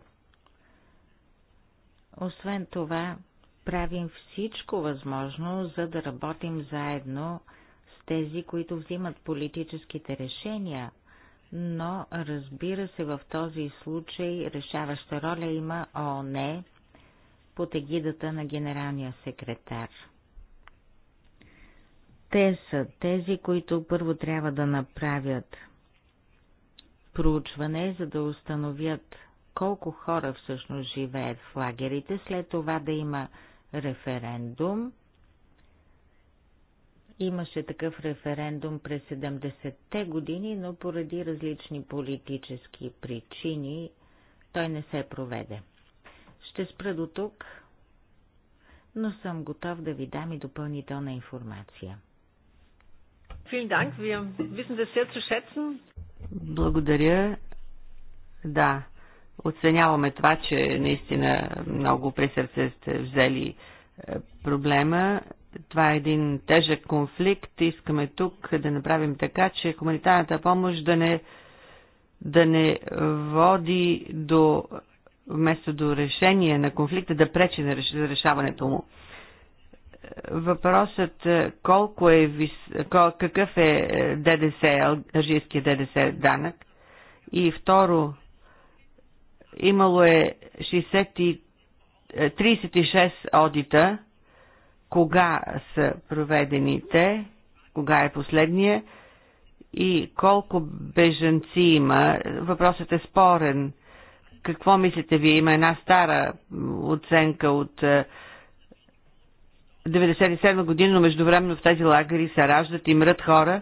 Освен това, правим всичко възможно, за да работим заедно с тези, които взимат политическите решения но разбира се в този случай решаваща роля има ООН под егидата на генералния секретар. Те са тези, които първо трябва да направят проучване, за да установят колко хора всъщност живеят в лагерите, след това да има референдум – Имаше такъв референдум през 70-те години, но поради различни политически причини той не се проведе. Ще спра до тук, но съм готов да ви дам и допълнителна информация. Благодаря. Да, оценяваме това, че наистина много при сърце сте взели е, проблема. Това е един тежък конфликт. Искаме тук да направим така, че хуманитарната помощ да не, да не води до, вместо до решение на конфликта, да пречи на решаването му въпросът е, колко е, какъв е, е ДДС, алжирския ДДС данък. И второ, имало е 60, 36 е, одита кога са проведени те, кога е последния и колко бежанци има. Въпросът е спорен. Какво мислите вие? Има една стара оценка от 97 е, година, но междувременно в тези лагери се раждат и мрат хора.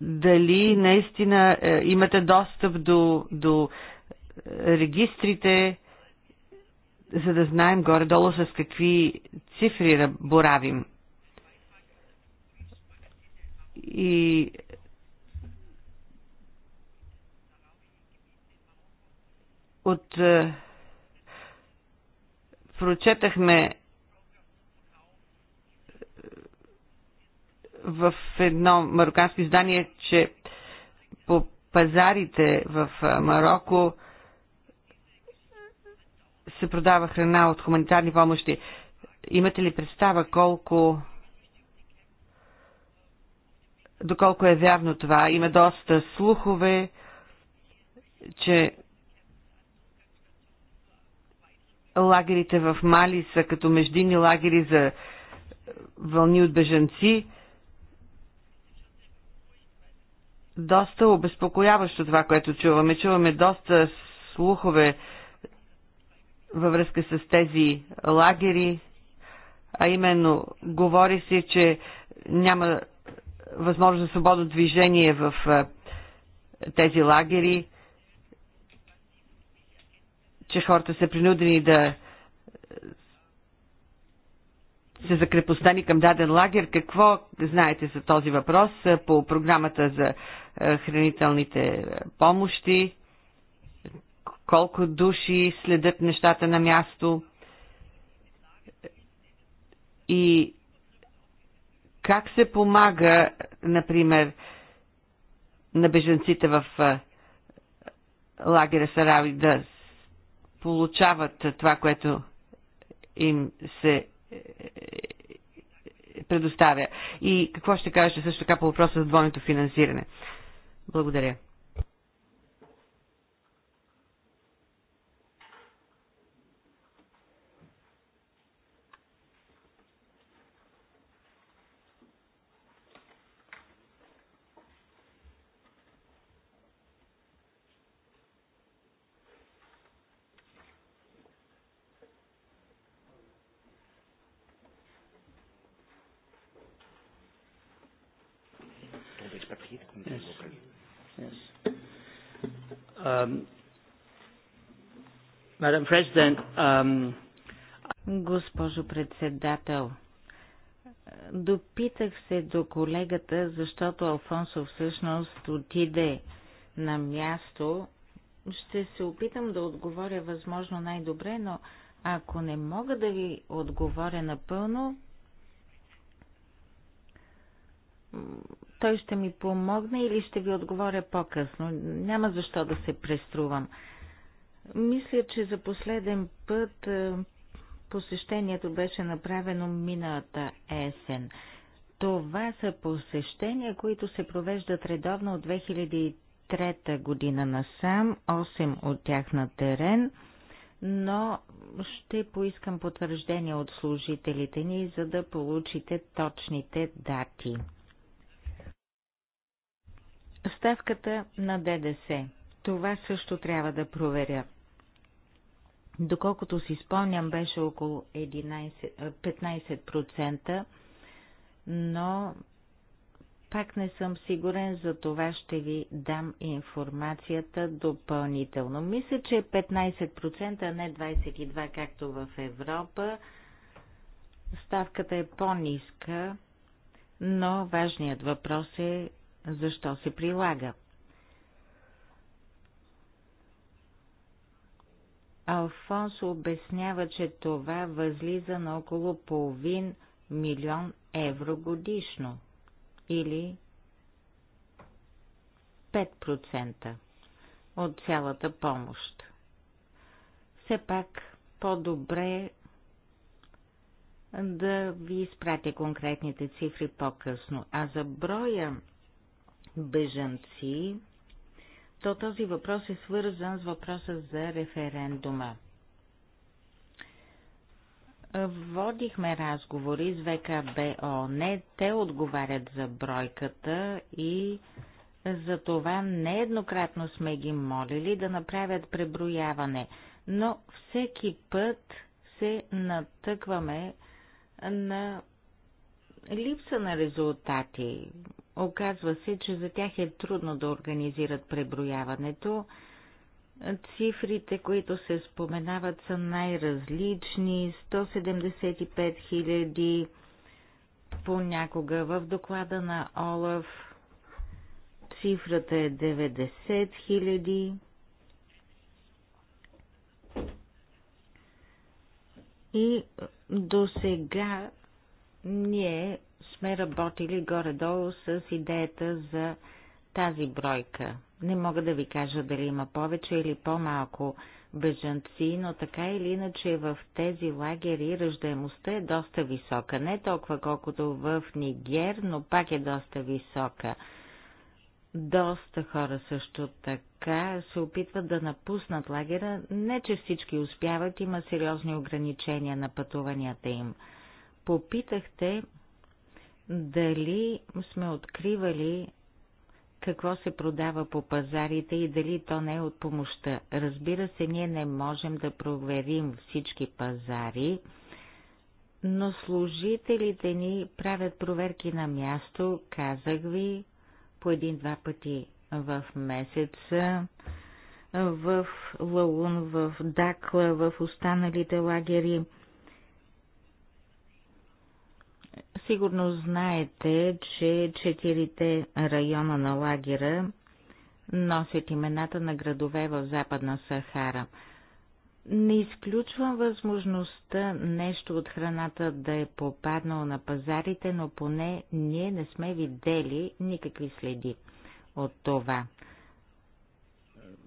Дали наистина е, имате достъп до, до регистрите, за да знаем горе-долу с какви цифри боравим. И от е, прочетахме в едно мароканско издание, че по пазарите в е, Марокко се продава храна от хуманитарни помощи. Имате ли представа колко доколко е вярно това? Има доста слухове, че лагерите в Мали са като междинни лагери за вълни от бежанци. Доста обезпокояващо това, което чуваме. Чуваме доста слухове във връзка с тези лагери, а именно говори се, че няма възможност за свободно движение в тези лагери, че хората са принудени да се закрепостани към даден лагер. Какво знаете за този въпрос по програмата за хранителните помощи? колко души следят нещата на място и как се помага, например, на беженците в лагера Сарави да получават това, което им се е, предоставя. И какво ще кажете също така по въпроса за двойното финансиране? Благодаря. Um, um... Госпожо председател, допитах се до колегата, защото Алфонсо всъщност отиде на място. Ще се опитам да отговоря възможно най-добре, но ако не мога да ви отговоря напълно, той ще ми помогне или ще ви отговоря по-късно. Няма защо да се преструвам. Мисля, че за последен път е, посещението беше направено миналата есен. Това са посещения, които се провеждат редовно от 2003 година насам, 8 от тях на терен, но ще поискам потвърждение от служителите ни, за да получите точните дати. Ставката на ДДС. Това също трябва да проверя. Доколкото си спомням, беше около 11, 15%, но пак не съм сигурен, за това ще ви дам информацията допълнително. Мисля, че е 15%, а не 22%, както в Европа. Ставката е по-ниска, но важният въпрос е защо се прилага. Алфонсо обяснява, че това възлиза на около половин милион евро годишно или 5% от цялата помощ. Все пак по-добре да ви изпратя конкретните цифри по-късно, а за броя бежанци, то този въпрос е свързан с въпроса за референдума. Водихме разговори с ВКБО. Не, те отговарят за бройката и за това нееднократно сме ги молили да направят преброяване, но всеки път се натъкваме на липса на резултати. Оказва се, че за тях е трудно да организират преброяването. Цифрите, които се споменават, са най-различни 175 000 понякога в доклада на Олаф. Цифрата е 90 000. И до сега ние сме работили горе-долу с идеята за тази бройка. Не мога да ви кажа дали има повече или по-малко бежанци, но така или иначе в тези лагери ръждаемостта е доста висока. Не толкова колкото в Нигер, но пак е доста висока. Доста хора също така се опитват да напуснат лагера, не че всички успяват, има сериозни ограничения на пътуванията им. Попитахте дали сме откривали какво се продава по пазарите и дали то не е от помощта. Разбира се, ние не можем да проверим всички пазари, но служителите ни правят проверки на място, казах ви, по един-два пъти в месеца, в Лаун, в Дакла, в останалите лагери – Сигурно знаете, че четирите района на лагера носят имената на градове в Западна Сахара. Не изключвам възможността нещо от храната да е попаднало на пазарите, но поне ние не сме видели никакви следи от това.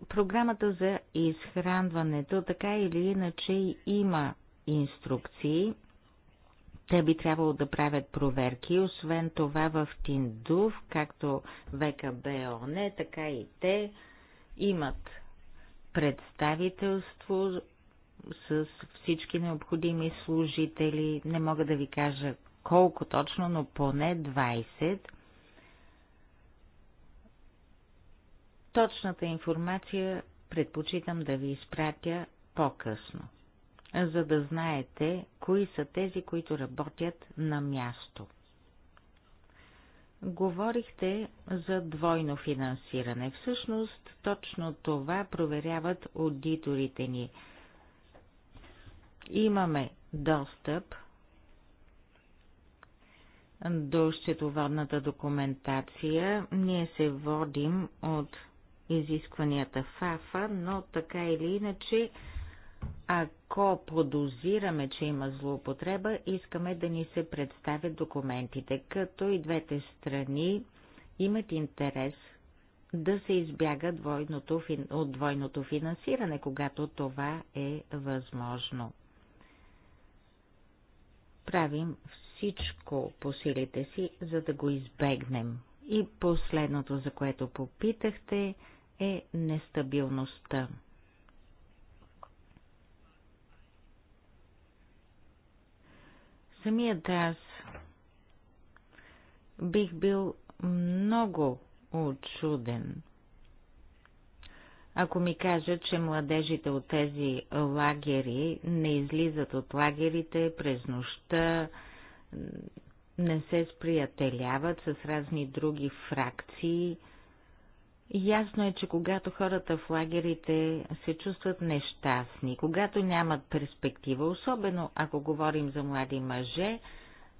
Програмата за изхранването така или иначе има инструкции те би трябвало да правят проверки, освен това в Тиндув, както ВКБОН, така и те имат представителство с всички необходими служители. Не мога да ви кажа колко точно, но поне 20. Точната информация предпочитам да ви изпратя по-късно за да знаете кои са тези, които работят на място. Говорихте за двойно финансиране. Всъщност, точно това проверяват аудиторите ни. Имаме достъп до счетоводната документация. Ние се водим от изискванията ФАФА, но така или иначе, ако ако подозираме, че има злоупотреба, искаме да ни се представят документите, като и двете страни имат интерес да се избяга двойното, от двойното финансиране, когато това е възможно. Правим всичко по силите си, за да го избегнем. И последното, за което попитахте, е нестабилността. Самият аз бих бил много очуден, ако ми кажат, че младежите от тези лагери не излизат от лагерите през нощта, не се сприятеляват с разни други фракции – Ясно е, че когато хората в лагерите се чувстват нещастни, когато нямат перспектива, особено ако говорим за млади мъже,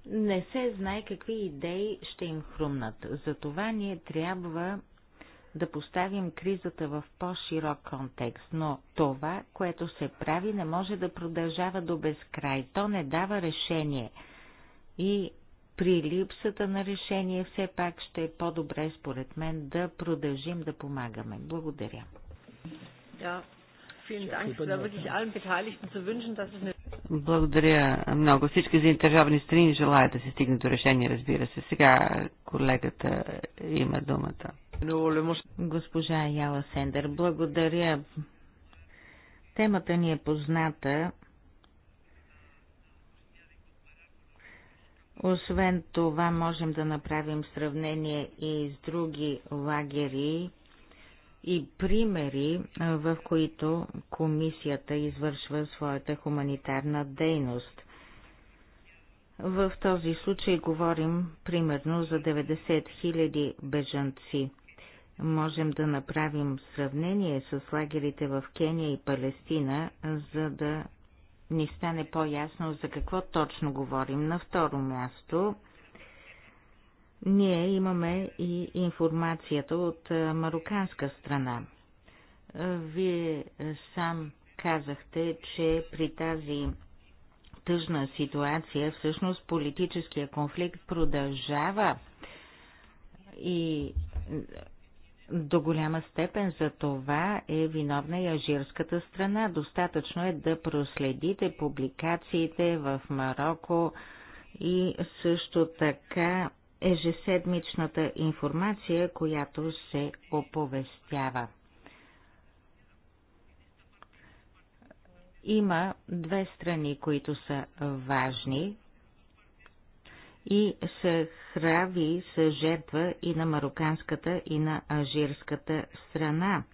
не се знае какви идеи ще им хрумнат. Затова ние трябва да поставим кризата в по-широк контекст, но това, което се прави, не може да продължава до безкрай. То не дава решение. И при липсата на решение все пак ще е по-добре според мен да продължим да помагаме. Благодаря. Благодаря много. Всички заинтересовани страни желаят да се стигне до решение, разбира се. Сега колегата има думата. Госпожа Яла Сендер, благодаря. Темата ни е позната. Освен това, можем да направим сравнение и с други лагери и примери, в които комисията извършва своята хуманитарна дейност. В този случай говорим примерно за 90 000 бежанци. Можем да направим сравнение с лагерите в Кения и Палестина, за да ни стане по-ясно за какво точно говорим. На второ място, ние имаме и информацията от мароканска страна. Вие сам казахте, че при тази тъжна ситуация всъщност политическия конфликт продължава и до голяма степен за това е виновна и ажирската страна. Достатъчно е да проследите публикациите в Марокко и също така ежеседмичната информация, която се оповестява. Има две страни, които са важни и Сахрави с жертва и на мароканската и на алжирската страна.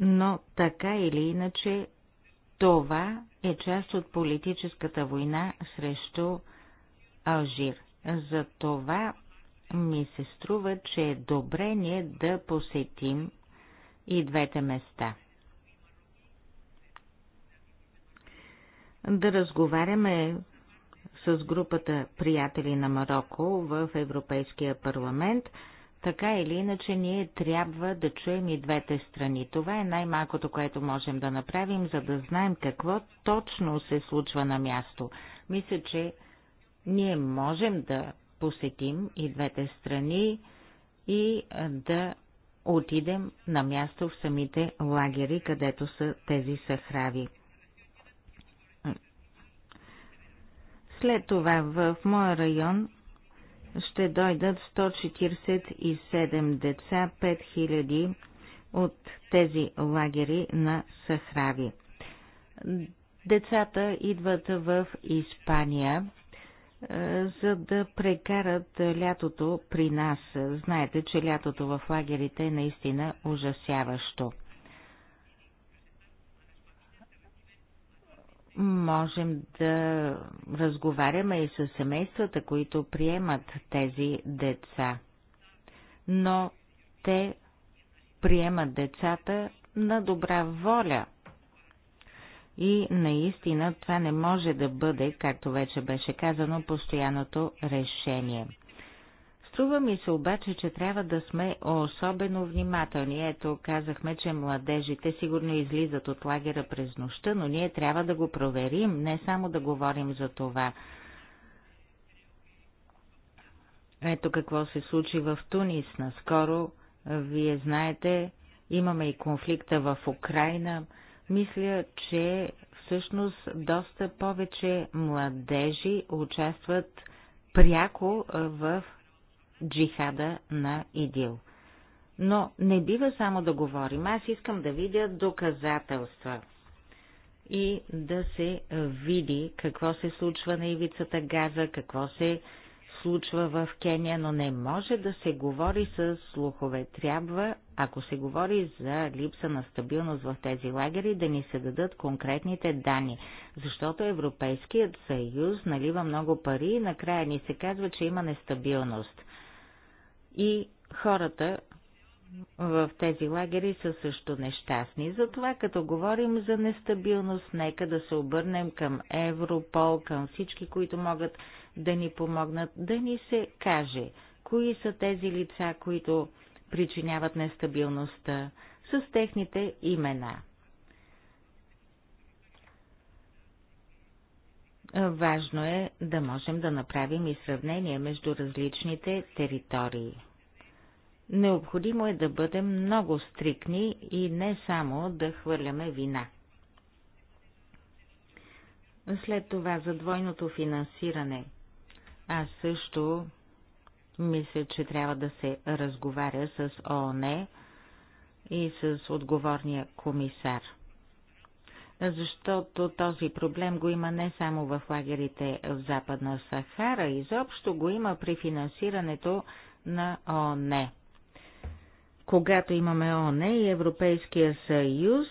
Но така или иначе, това е част от политическата война срещу Алжир. За това ми се струва, че е добре ние да посетим и двете места. Да разговаряме с групата приятели на Марокко в Европейския парламент. Така или иначе, ние трябва да чуем и двете страни. Това е най-малкото, което можем да направим, за да знаем какво точно се случва на място. Мисля, че ние можем да посетим и двете страни и да отидем на място в самите лагери, където са тези съхрави. След това в моя район ще дойдат 147 деца, 5000 от тези лагери на Сахрави. Децата идват в Испания, е, за да прекарат лятото при нас. Знаете, че лятото в лагерите е наистина ужасяващо. можем да разговаряме и с семействата, които приемат тези деца. Но те приемат децата на добра воля. И наистина това не може да бъде, както вече беше казано, постоянното решение. Струва ми се обаче, че трябва да сме особено внимателни. Ето, казахме, че младежите сигурно излизат от лагера през нощта, но ние трябва да го проверим, не само да говорим за това. Ето какво се случи в Тунис наскоро. Вие знаете, имаме и конфликта в Украина. Мисля, че всъщност доста повече младежи участват пряко в джихада на ИДИЛ. Но не бива само да говорим, аз искам да видя доказателства и да се види какво се случва на ивицата Газа, какво се случва в Кения, но не може да се говори с слухове. Трябва, ако се говори за липса на стабилност в тези лагери, да ни се дадат конкретните данни, защото Европейският съюз налива много пари и накрая ни се казва, че има нестабилност и хората в тези лагери са също нещастни. Затова, като говорим за нестабилност, нека да се обърнем към Европол, към всички, които могат да ни помогнат, да ни се каже, кои са тези лица, които причиняват нестабилността, с техните имена. Важно е да можем да направим и сравнение между различните територии. Необходимо е да бъдем много стрикни и не само да хвърляме вина. След това за двойното финансиране. Аз също мисля, че трябва да се разговаря с ООН и с отговорния комисар – защото този проблем го има не само в лагерите в Западна Сахара, изобщо го има при финансирането на ООН. Когато имаме ООН и Европейския съюз,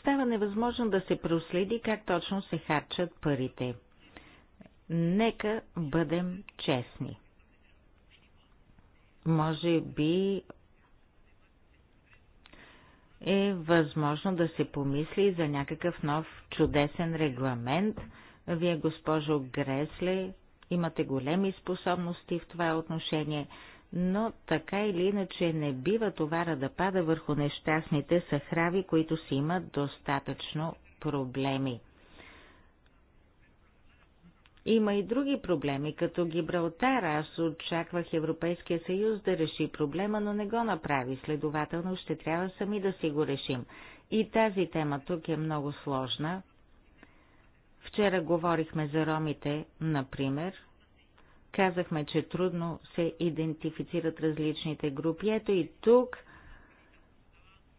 става невъзможно да се проследи как точно се харчат парите. Нека бъдем честни. Може би е възможно да се помисли за някакъв нов чудесен регламент. Вие, госпожо Гресле, имате големи способности в това отношение, но така или иначе не бива товара да пада върху нещастните съхрави, които си имат достатъчно проблеми. Има и други проблеми, като Гибралтар. Аз очаквах Европейския съюз да реши проблема, но не го направи. Следователно ще трябва сами да си го решим. И тази тема тук е много сложна. Вчера говорихме за ромите, например. Казахме, че трудно се идентифицират различните групи. Ето и тук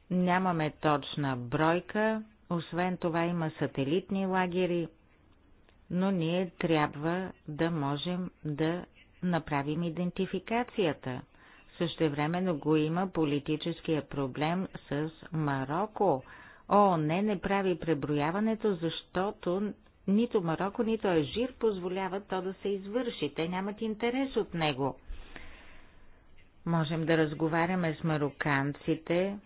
нямаме точна бройка. Освен това има сателитни лагери, но ние трябва да можем да направим идентификацията. Същевременно го има политическия проблем с Марокко. О, не, не прави преброяването, защото нито Марокко, нито Ажир позволяват то да се извърши. Те нямат интерес от него. Можем да разговаряме с мароканците,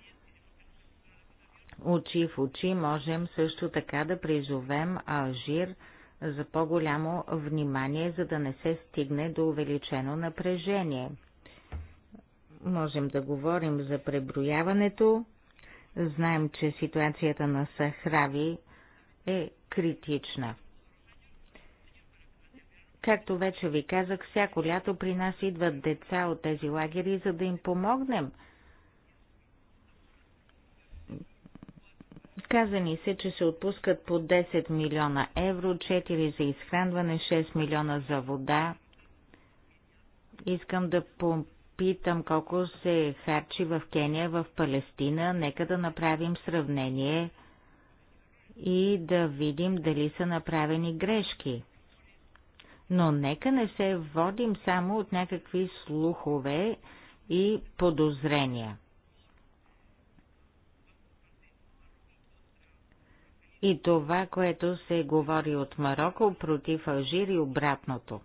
очи в очи можем също така да призовем Алжир – за по-голямо внимание, за да не се стигне до увеличено напрежение. Можем да говорим за преброяването. Знаем, че ситуацията на Сахрави е критична. Както вече ви казах, всяко лято при нас идват деца от тези лагери, за да им помогнем – Каза ни се, че се отпускат по 10 милиона евро, 4 за изхранване, 6 милиона за вода. Искам да попитам колко се харчи в Кения, в Палестина. Нека да направим сравнение и да видим дали са направени грешки. Но нека не се водим само от някакви слухове и подозрения. и това, което се говори от Марокко против Алжир и обратното.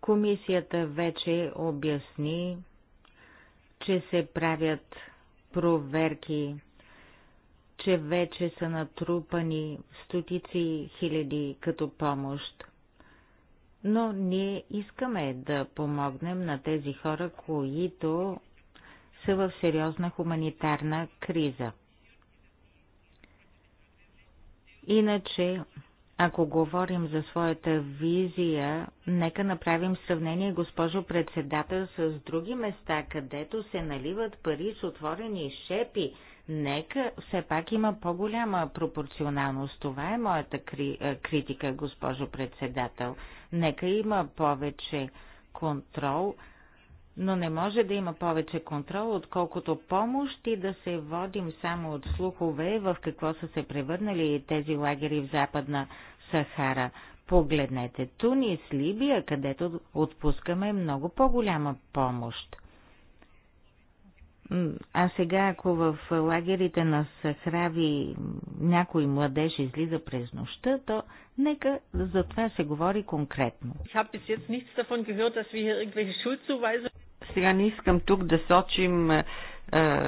Комисията вече обясни, че се правят проверки, че вече са натрупани стотици хиляди като помощ. Но ние искаме да помогнем на тези хора, които са в сериозна хуманитарна криза. Иначе, ако говорим за своята визия, нека направим сравнение, госпожо председател, с други места, където се наливат пари с отворени шепи. Нека все пак има по-голяма пропорционалност. Това е моята кри... Е, критика, госпожо председател. Нека има повече контрол но не може да има повече контрол, отколкото помощ и да се водим само от слухове в какво са се превърнали тези лагери в Западна Сахара. Погледнете Тунис, Либия, където отпускаме много по-голяма помощ. А сега, ако в лагерите на Сахрави някой младеж излиза през нощта, то нека за това се говори конкретно. Сега не искам тук да сочим е, е,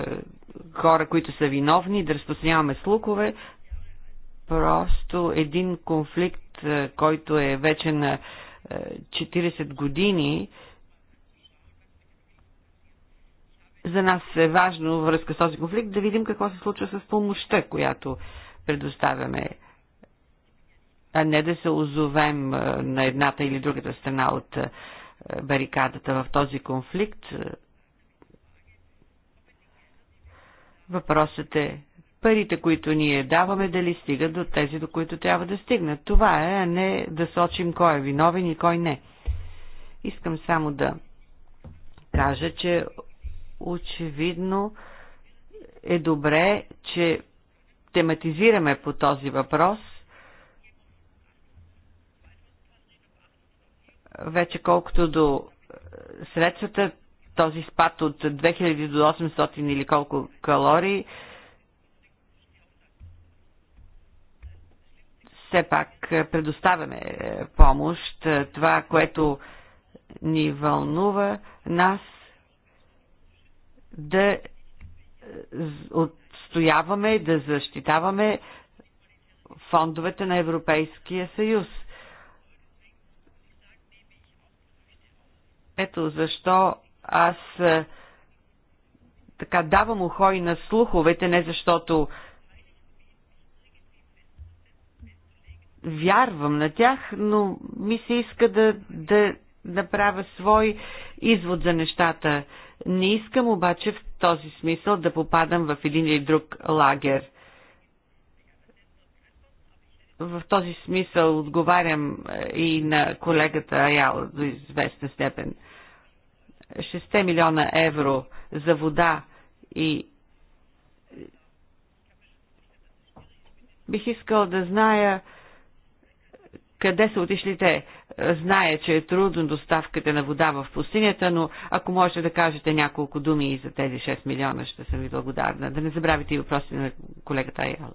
хора, които са виновни, да разпространяваме слухове. Просто един конфликт, е, който е вече на 40 е, години, за нас е важно връзка с този конфликт да видим какво се случва с помощта, която предоставяме, а не да се озовем на едната или другата страна от барикадата в този конфликт. Въпросът е парите, които ние даваме, дали стигат до тези, до които трябва да стигнат. Това е, а не да сочим кой е виновен и кой не. Искам само да кажа, че Очевидно е добре, че тематизираме по този въпрос. Вече колкото до е, средствата, този спад от 2000 до 800 или колко калории, все пак е, предоставяме е, помощ. Това, което ни вълнува нас да е, отстояваме и да защитаваме фондовете на Европейския съюз. Ето защо аз е, така давам ухо и на слуховете, не защото вярвам на тях, но ми се иска да, да направя свой извод за нещата. Не искам обаче в този смисъл да попадам в един или друг лагер. В този смисъл отговарям е, и на колегата Аял до известна степен. 6 милиона евро за вода и е, бих искал да зная къде са отишли те. Зная, че е трудно доставката на вода в пустинята, но ако можете да кажете няколко думи и за тези 6 милиона, ще съм ви благодарна. Да не забравите и въпросите на колегата Айала.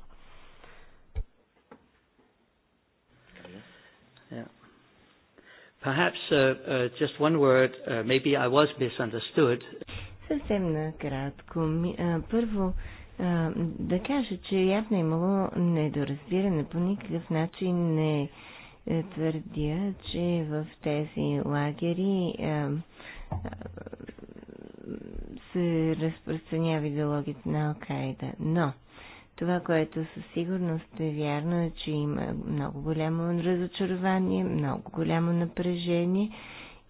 Perhaps uh, uh, just one word, uh, maybe I was misunderstood. Съвсем накратко. Първо, да кажа, че явно е имало недоразбиране. По никакъв начин не твърдя, че в тези лагери е, е, се разпространява идеологията на Алкайда. Но това, което със сигурност е вярно, е, че има много голямо разочарование, много голямо напрежение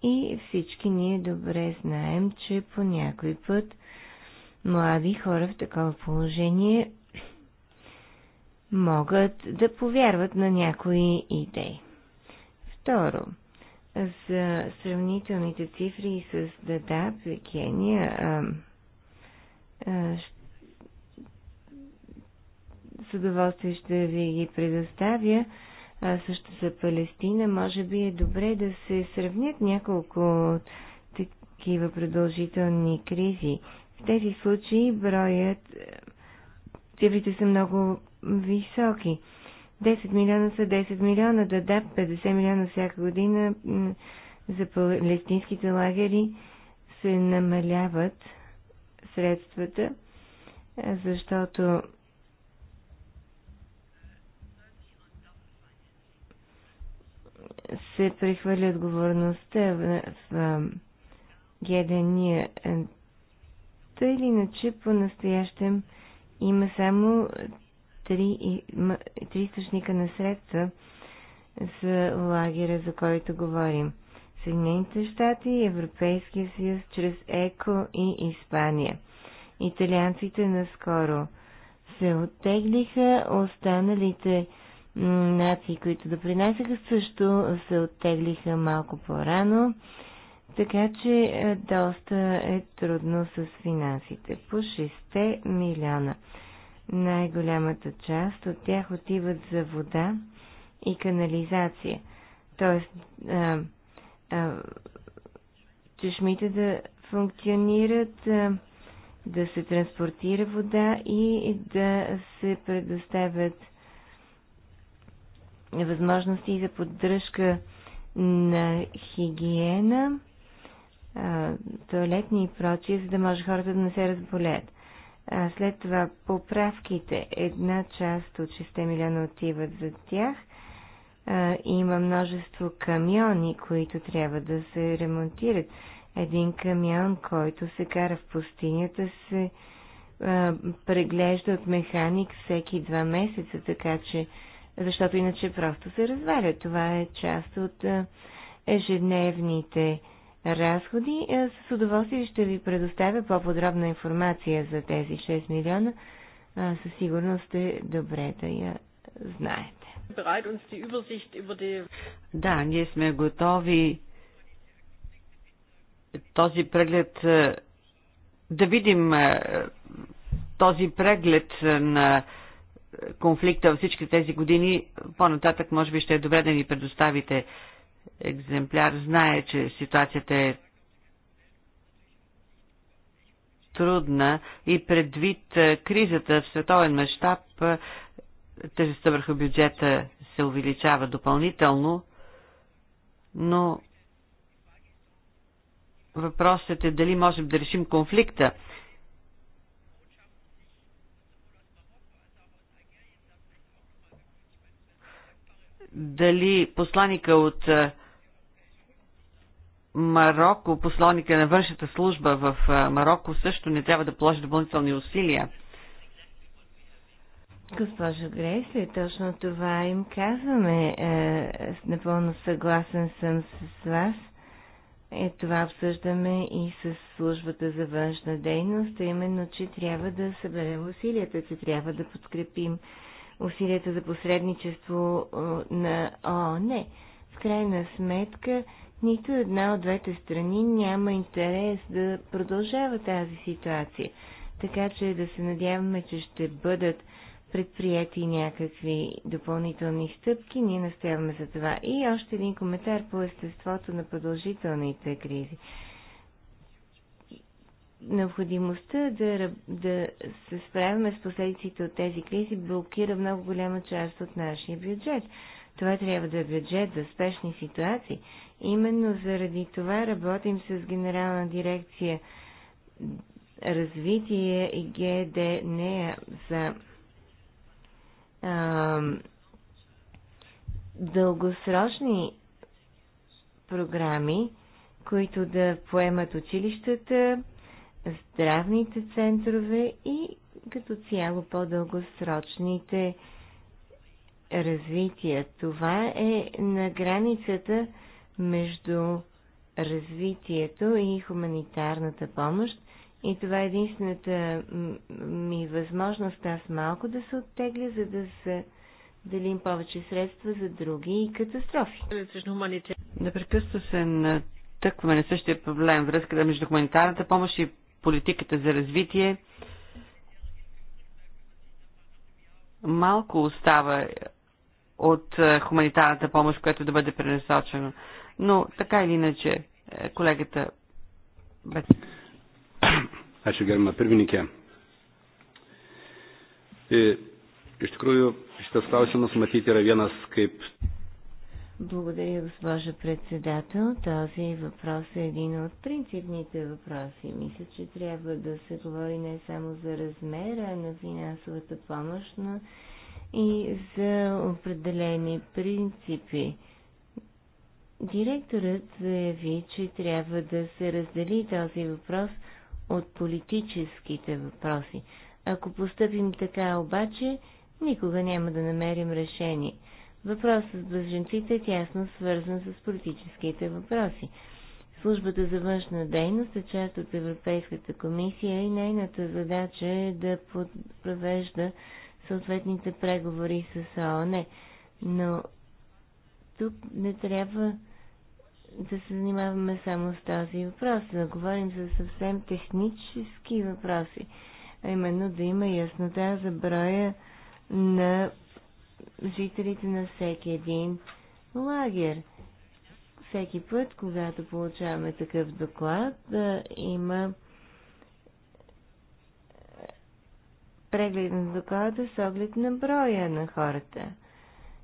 и всички ние добре знаем, че по някой път млади хора в такова положение могат да повярват на някои идеи. Второ, за сравнителните цифри с Дадаб, Кения, с удоволствие ще ви ги предоставя. А, също за Палестина, може би е добре да се сравнят няколко такива продължителни кризи. В тези случаи броят, цифрите са много високи. 10 милиона са 10 милиона, да да, 50 милиона всяка година за палестинските лагери се намаляват средствата, защото се прехвърля отговорността в, в, Гедения. Тъй или иначе, по-настоящем има само три, три източника на средства за лагера, за който говорим. Съединените щати, Европейския съюз, чрез ЕКО и Испания. Италианците наскоро се оттеглиха, останалите нации, които допринасяха, също се оттеглиха малко по-рано, така че е, доста е трудно с финансите. По 6 милиона. Най-голямата част от тях отиват за вода и канализация. Тоест, а, а, чешмите да функционират, а, да се транспортира вода и да се предоставят възможности за поддръжка на хигиена, туалетни и прочие, за да може хората да не се разболеят. А след това поправките. Една част от 6 милиона отиват за тях. А, има множество камиони, които трябва да се ремонтират. Един камион, който се кара в пустинята, се а, преглежда от механик всеки два месеца, така че, защото иначе просто се разваля. Това е част от а, ежедневните а, разходи. Е, с удоволствие ще ви предоставя по-подробна информация за тези 6 милиона. Е, със сигурност е добре да я знаете. Да, ние сме готови този преглед е, да видим този преглед на конфликта във всички тези години, по-нататък може би ще е добре да ни предоставите екземпляр знае, че ситуацията е трудна и предвид е, кризата в световен мащаб, е, тежестта върху бюджета се увеличава допълнително, но въпросът е дали можем да решим конфликта. Дали посланика от е, Марокко, посланика на външната служба в Марокко също не трябва да положи допълнителни усилия. Госпожо Грейсли, точно това им казваме. Е, напълно съгласен съм с вас. Е, това обсъждаме и с службата за външна дейност, а именно, че трябва да съберем усилията, че трябва да подкрепим усилията за посредничество е, на ООН. Е. В крайна сметка нито една от двете страни няма интерес да продължава тази ситуация. Така че да се надяваме, че ще бъдат предприяти някакви допълнителни стъпки, ние настояваме за това. И още един коментар по естеството на продължителните кризи. Необходимостта да, да се справяме с последиците от тези кризи блокира много голяма част от нашия бюджет. Това трябва да е бюджет за спешни ситуации. Именно заради това работим с Генерална дирекция развитие и ГД не за а, дългосрочни програми, които да поемат училищата, здравните центрове и като цяло по-дългосрочните развития. Това е на границата между развитието и хуманитарната помощ. И това е единствената ми възможност аз малко да се оттегля, за да се делим повече средства за други и катастрофи. Непрекъснато се на тъкваме на същия проблем връзката между хуманитарната помощ и политиката за развитие. Малко остава от е, хуманитарната помощ, която да бъде пренасочено. Но така или иначе, е, колегата Аз ще е, Благодаря, госпожа председател. Този въпрос е един от принципните въпроси. Мисля, че трябва да се говори не само за размера на финансовата помощ, но и за определени принципи. Директорът заяви, че трябва да се раздели този въпрос от политическите въпроси. Ако поступим така обаче, никога няма да намерим решение. Въпросът с бъженците е тясно свързан с политическите въпроси. Службата за външна дейност е част от Европейската комисия и нейната задача е да провежда съответните преговори с ООН. Но тук не трябва да се занимаваме само с този въпрос, да говорим за съвсем технически въпроси, а именно да има яснота за броя на жителите на всеки един лагер. Всеки път, когато получаваме такъв доклад, да има преглед на доклада с оглед на броя на хората.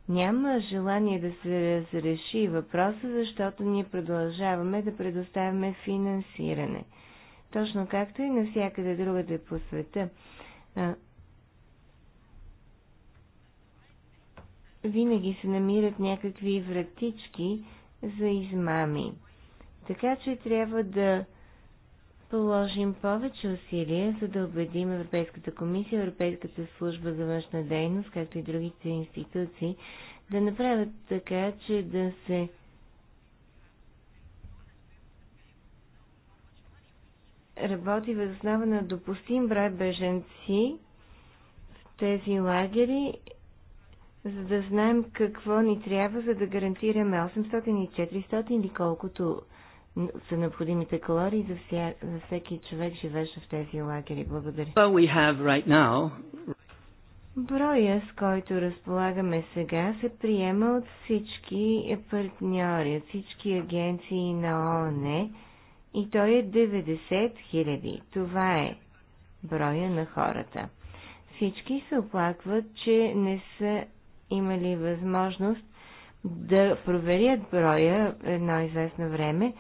Няма желание да се разреши въпроса, защото ние продължаваме да предоставяме финансиране. Точно както и навсякъде другаде по света. винаги се намират някакви вратички за измами. Така че трябва да положим повече усилия, за да убедим Европейската комисия, Европейската служба за външна дейност, както и другите институции, да направят така, че да се работи въз основа на допустим брой беженци в тези лагери, за да знаем какво ни трябва, за да гарантираме 800 и 400 или колкото са необходимите калории за, вся, за всеки човек, живеещ в тези лагери. Благодаря. Well, we have right now... Броя, с който разполагаме сега, се приема от всички партньори, от всички агенции на ООН и той е 90 хиляди. Това е броя на хората. Всички се оплакват, че не са имали възможност да проверят броя едно известно време,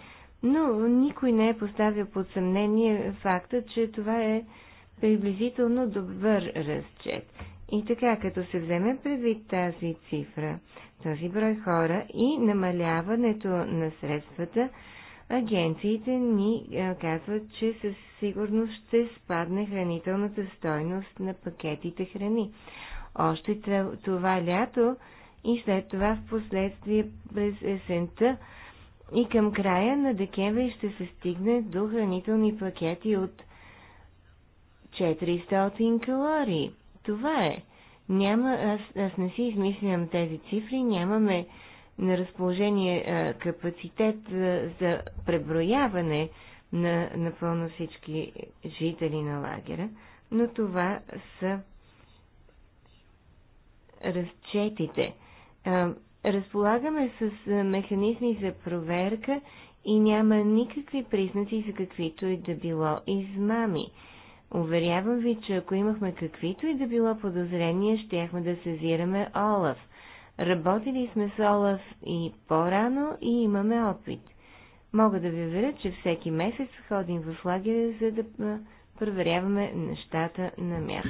но никой не е поставил под съмнение факта, че това е приблизително добър разчет. И така, като се вземе предвид тази цифра, този брой хора и намаляването на средствата, агенциите ни казват, че със сигурност ще спадне хранителната стойност на пакетите храни. Още това лято и след това в последствие през есента и към края на декември ще се стигне до хранителни пакети от 400 калории. Това е. Няма, аз, аз не си измислям тези цифри, нямаме на разположение а, капацитет а, за преброяване на напълно всички жители на лагера, но това са разчетите. А, разполагаме с е, механизми за проверка и няма никакви признаци за каквито и да било измами. Уверявам ви, че ако имахме каквито и да било подозрения, щяхме да сезираме Олаф. Работили сме с Олаф и по-рано и имаме опит. Мога да ви уверя, че всеки месец ходим в лагеря, за да проверяваме нещата на място.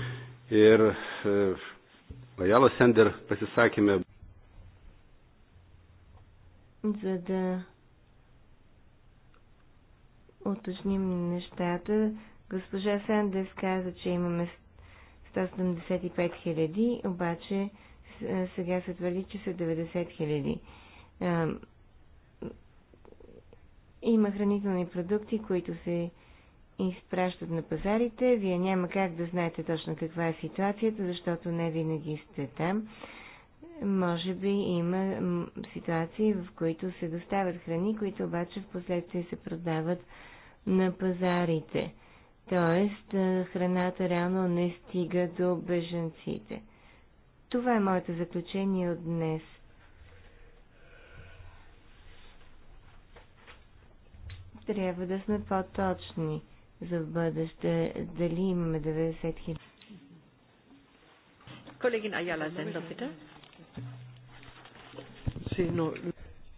Ер, e, Сендер, Sender за да уточним нещата. Госпожа Сандес каза, че имаме 175 000, обаче сега се твърди, че са 90 хиляди. Има хранителни продукти, които се изпращат на пазарите. Вие няма как да знаете точно каква е ситуацията, защото не винаги сте там може би има ситуации, в които се доставят храни, които обаче в последствие се продават на пазарите. Тоест, храната реално не стига до беженците. Това е моето заключение от днес. Трябва да сме по-точни за бъдеще. Дали имаме 90 хиляди? Колегин Аяла Зендо, питам.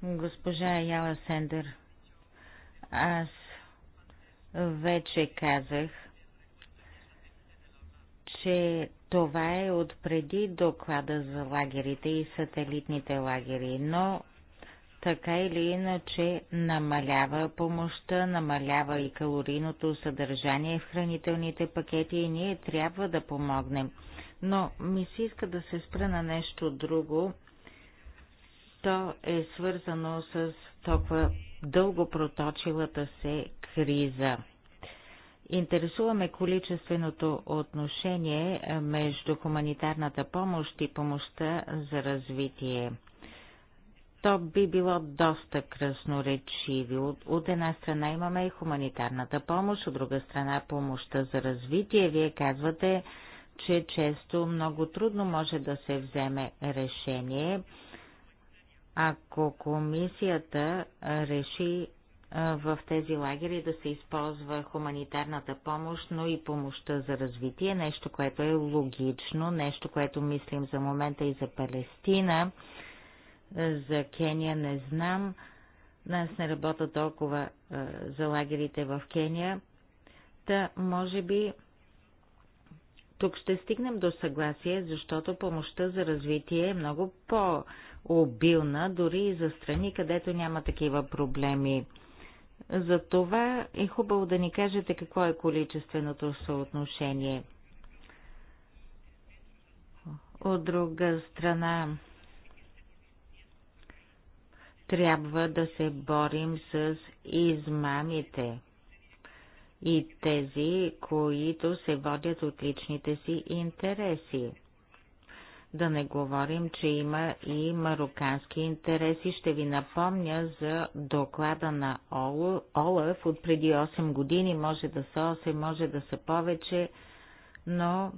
Госпожа Яла Сендер, аз вече казах, че това е от преди доклада за лагерите и сателитните лагери, но така или иначе намалява помощта, намалява и калорийното съдържание в хранителните пакети и ние трябва да помогнем. Но ми се иска да се спра на нещо друго, то е свързано с толкова дълго проточилата се криза. Интересуваме количественото отношение между хуманитарната помощ и помощта за развитие. То би било доста красноречиво. От една страна имаме и хуманитарната помощ, от друга страна помощта за развитие. Вие казвате, че често много трудно може да се вземе решение ако комисията реши в тези лагери да се използва хуманитарната помощ, но и помощта за развитие, нещо, което е логично, нещо, което мислим за момента и за Палестина, за Кения не знам. Нас не работя толкова за лагерите в Кения. Та, може би, тук ще стигнем до съгласие, защото помощта за развитие е много по- обилна, дори и за страни, където няма такива проблеми. За това е хубаво да ни кажете какво е количественото съотношение. От друга страна, трябва да се борим с измамите и тези, които се водят от личните си интереси. Да не говорим, че има и марокански интереси. Ще ви напомня за доклада на Олаф от преди 8 години. Може да са 8, може да са повече, но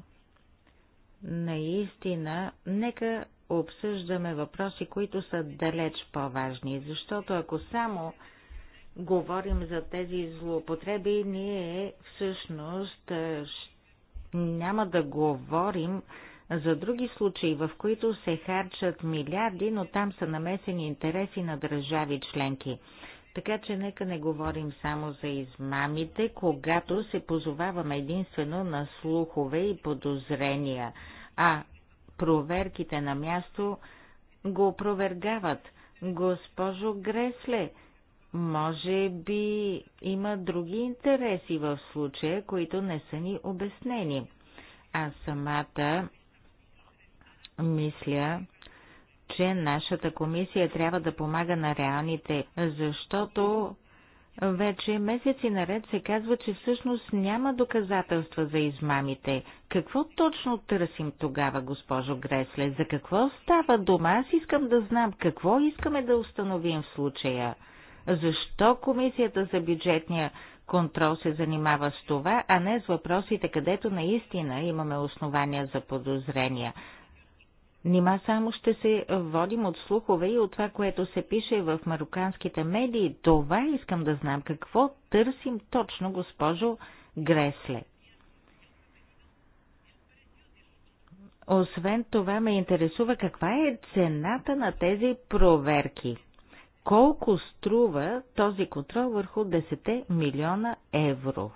наистина нека обсъждаме въпроси, които са далеч по-важни, защото ако само говорим за тези злоупотреби, ние всъщност няма да говорим за други случаи, в които се харчат милиарди, но там са намесени интереси на държави членки. Така че нека не говорим само за измамите, когато се позоваваме единствено на слухове и подозрения, а проверките на място го опровергават. Госпожо Гресле, може би има други интереси в случая, които не са ни обяснени. А самата мисля, че нашата комисия трябва да помага на реалните, защото вече месеци наред се казва, че всъщност няма доказателства за измамите. Какво точно търсим тогава, госпожо Гресле? За какво става дома? Аз искам да знам какво искаме да установим в случая. Защо комисията за бюджетния контрол се занимава с това, а не с въпросите, където наистина имаме основания за подозрения. Нима само ще се водим от слухове и от това, което се пише в мароканските медии. Това искам да знам. Какво търсим точно, госпожо Гресле? Освен това ме интересува каква е цената на тези проверки. Колко струва този контрол върху 10 милиона евро?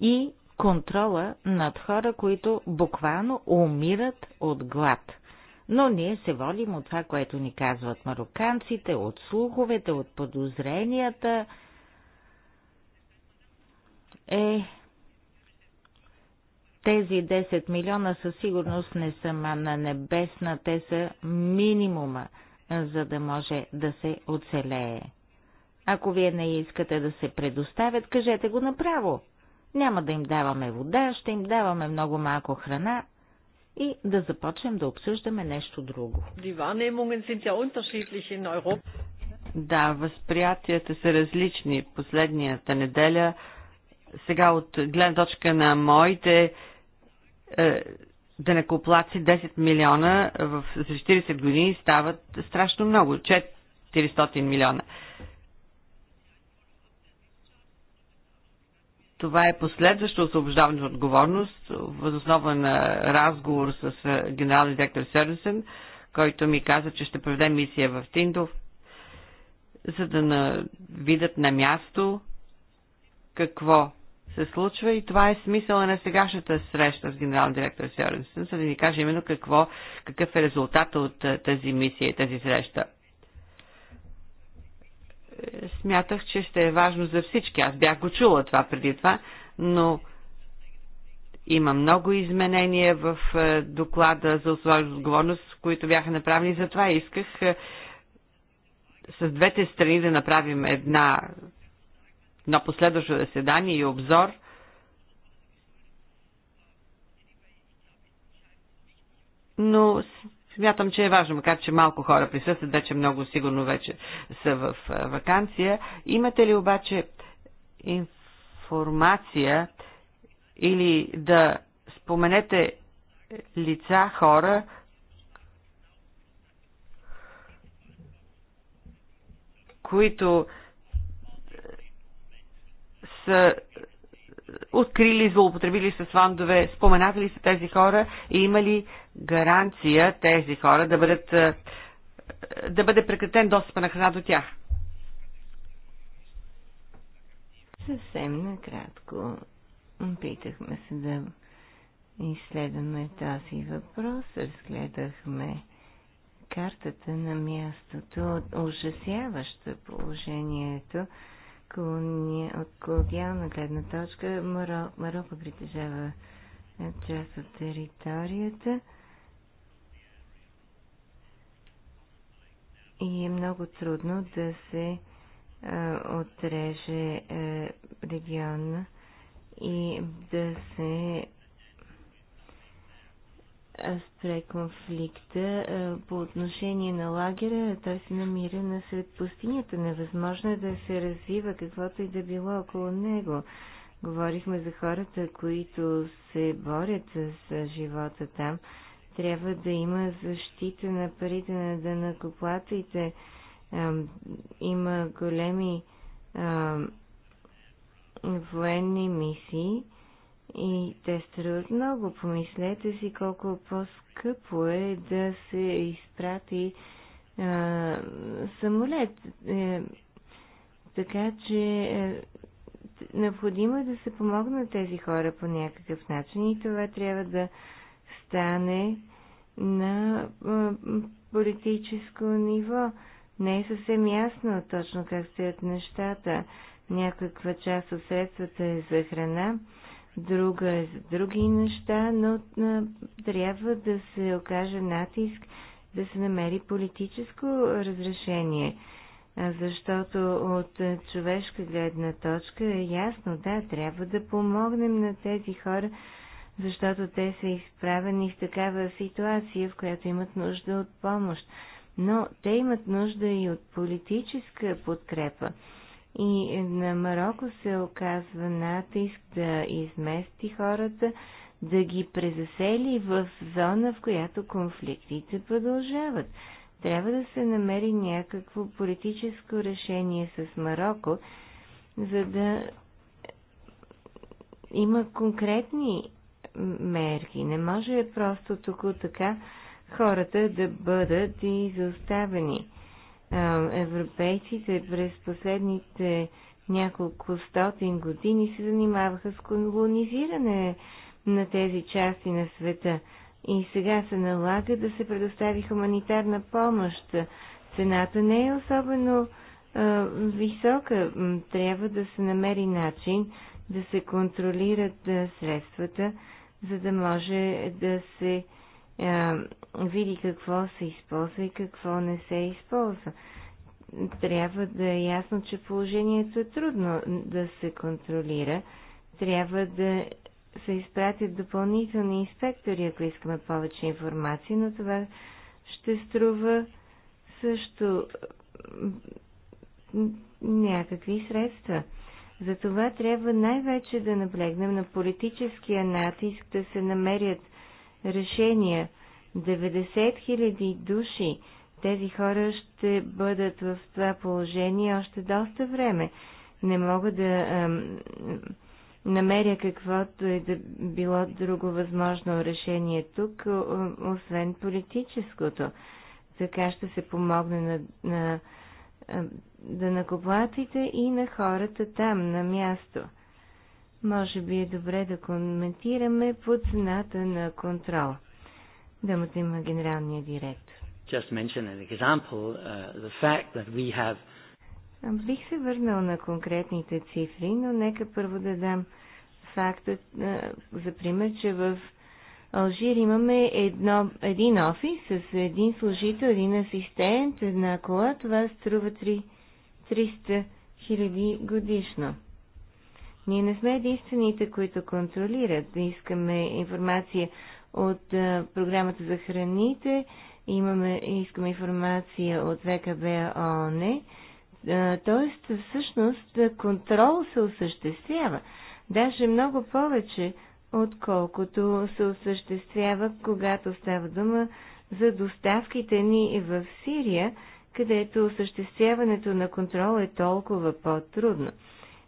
И контрола над хора, които буквално умират от глад. Но ние се водим от това, което ни казват мароканците, от слуховете, от подозренията. Е, тези 10 милиона със сигурност не са на небесна, те са минимума, за да може да се оцелее. Ако вие не искате да се предоставят, кажете го направо. Няма да им даваме вода, ще им даваме много малко храна и да започнем да обсъждаме нещо друго. Да, възприятията са различни. Последнията неделя, сега от гледна точка на моите е, денакоплаци, 10 милиона в, за 40 години стават страшно много. 400 милиона. Това е последващо освобождаване от отговорност, възоснова на разговор с генералния директор Сърнсен, който ми каза, че ще проведе мисия в Тиндов, за да на... видят на място какво се случва и това е смисъла на сегашната среща с генерален директор Сьоренсен, за да ни каже именно какво, какъв е резултат от тази мисия и тази среща смятах, че ще е важно за всички. Аз бях го чула това преди това, но има много изменения в е, доклада за отговорност, които бяха направени. Затова исках е, с двете страни да направим една, едно последващо заседание и обзор. Но Смятам, че е важно, макар че малко хора присъстват, вече много сигурно вече са в вакансия. Имате ли обаче информация или да споменете лица, хора, които са открили, злоупотребили с фандове, споменавали са тези хора и имали. ли гаранция тези хора да бъдат е, да бъде прекратен достъп на храна до тях. Съвсем накратко опитахме се да изследваме този въпрос. Разгледахме картата на мястото, ужасяващо положението колония, от колониална гледна точка. Марокко притежава част от територията. и е много трудно да се а, е, отреже а, е, региона и да се е, спре конфликта. По отношение на лагера, той се намира на сред пустинята. Невъзможно е да се развива каквото и да било около него. Говорихме за хората, които се борят с живота там трябва да има защита на парите на дънакоплатите. Има големи а, военни мисии и те струват много. Помислете си колко по-скъпо е да се изпрати а, самолет. Е, така че е, необходимо е да се помогнат тези хора по някакъв начин и това трябва да стане на политическо ниво. Не е съвсем ясно точно как стоят нещата. Някаква част от средствата е за храна, друга е за други неща, но трябва да се окаже натиск да се намери политическо разрешение. Защото от човешка гледна точка е ясно, да, трябва да помогнем на тези хора, защото те са изправени в такава ситуация, в която имат нужда от помощ. Но те имат нужда и от политическа подкрепа. И на Марокко се оказва натиск да измести хората, да ги презасели в зона, в която конфликтите продължават. Трябва да се намери някакво политическо решение с Марокко, за да има конкретни мерки. Не може просто тук така хората да бъдат изоставени. Европейците през последните няколко стотин години се занимаваха с колонизиране на тези части на света. И сега се налага да се предостави хуманитарна помощ. Цената не е особено а, висока. Трябва да се намери начин да се контролират а, средствата за да може да се а, види какво се използва и какво не се използва. Трябва да е ясно, че положението е трудно да се контролира. Трябва да се изпратят допълнителни инспектори, ако искаме повече информация, но това ще струва също някакви средства. Затова трябва най-вече да наблегнем на политическия натиск да се намерят решения. 90 хиляди души, тези хора ще бъдат в това положение още доста време. Не мога да ам, намеря каквото е да било друго възможно решение тук, освен политическото. Така ще се помогне на, на е, данакоплатите и на хората там, на място. Може би е добре да коментираме по цената на контрол. Думата има генералния директор. Just mention an example, uh, the fact that we have... Бих се върнал на конкретните цифри, но нека първо да дам факта uh, за пример, че в Алжир имаме едно, един офис с един служител, един асистент, една кола. Това струва 300 хиляди годишно. Ние не сме единствените, които контролират. Искаме информация от а, програмата за храните, имаме, искаме информация от ВКБ ООН. Тоест, всъщност, контрол се осъществява. Даже много повече отколкото се осъществява, когато става дума за доставките ни в Сирия, където осъществяването на контрол е толкова по-трудно.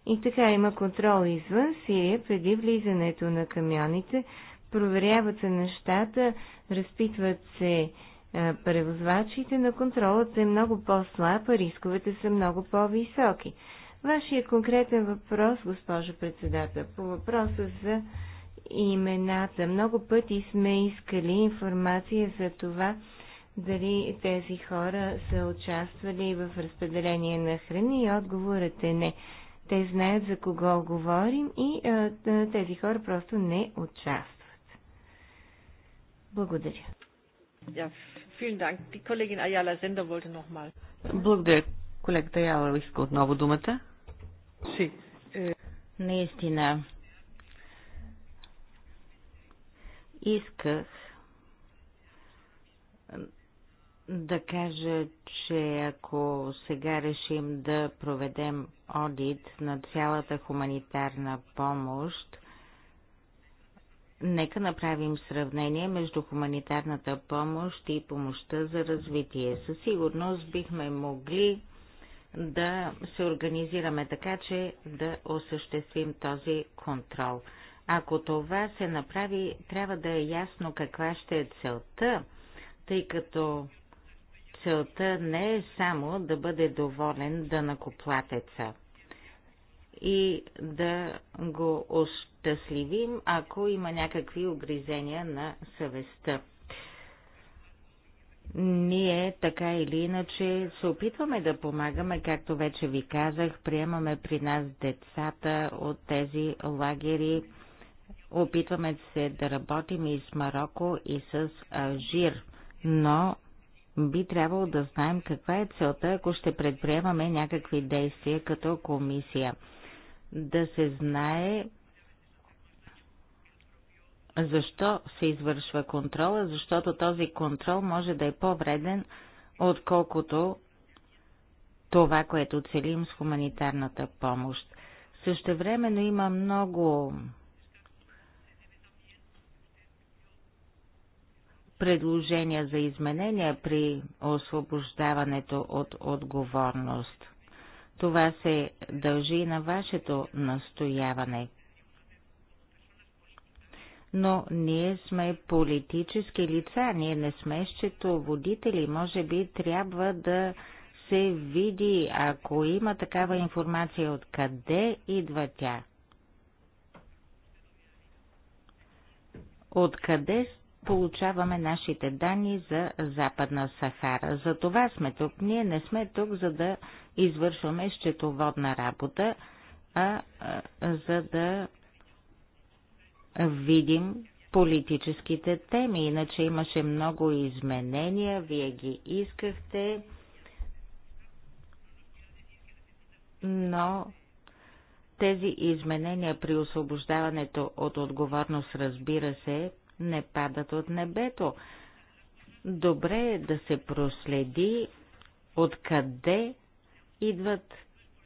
И така има контрол извън Сирия, преди влизането на камионите, проверяват се нещата, разпитват се е, превозвачите, на контролът е много по-слаб, а рисковете са много по-високи. Вашия конкретен въпрос, госпожо председател, по въпроса за и имената. Много пъти сме искали информация за това, дали тези хора са участвали в разпределение на храни и отговорът е не. Те знаят за кого говорим и а, тези хора просто не участват. Благодаря. Ja, vielen Dank. Die Kollegin Ayala Sender wollte noch mal. Благодаря. Колегата Яла иска отново думата. Си. Е, Наистина, Исках да кажа, че ако сега решим да проведем одит на цялата хуманитарна помощ, нека направим сравнение между хуманитарната помощ и помощта за развитие. Със сигурност бихме могли да се организираме така, че да осъществим този контрол. Ако това се направи, трябва да е ясно каква ще е целта, тъй като целта не е само да бъде доволен да накоплатеца и да го ощастливим, ако има някакви огризения на съвестта. Ние така или иначе се опитваме да помагаме, както вече ви казах, приемаме при нас децата от тези лагери, Опитваме се да работим и с Марокко, и с Алжир, но би трябвало да знаем каква е целта, ако ще предприемаме някакви действия като комисия. Да се знае защо се извършва контрола, защото този контрол може да е по-вреден, отколкото това, което целим с хуманитарната помощ. времено има много предложения за изменения при освобождаването от отговорност. Това се дължи и на вашето настояване. Но ние сме политически лица, ние не сме счетоводители, може би трябва да се види, ако има такава информация, откъде идва тя. Откъде получаваме нашите данни за Западна Сахара. За това сме тук. Ние не сме тук, за да извършваме счетоводна работа, а, а за да видим политическите теми. Иначе имаше много изменения, вие ги искахте, но тези изменения при освобождаването от отговорност, разбира се, не падат от небето. Добре е да се проследи откъде идват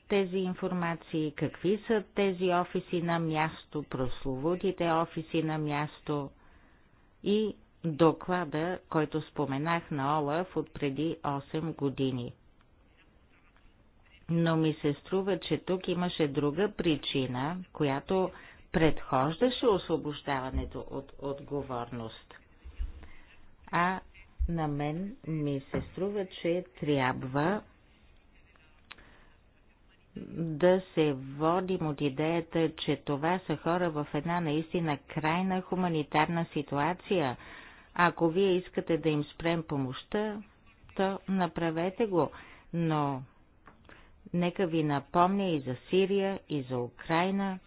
тези информации, какви са тези офиси на място, прословутите офиси на място и доклада, който споменах на Олаф от преди 8 години. Но ми се струва, че тук имаше друга причина, която предхождаше освобождаването от отговорност. А на мен ми се струва, че трябва да се водим от идеята, че това са хора в една наистина крайна хуманитарна ситуация. Ако вие искате да им спрем помощта, то направете го, но нека ви напомня и за Сирия, и за Украина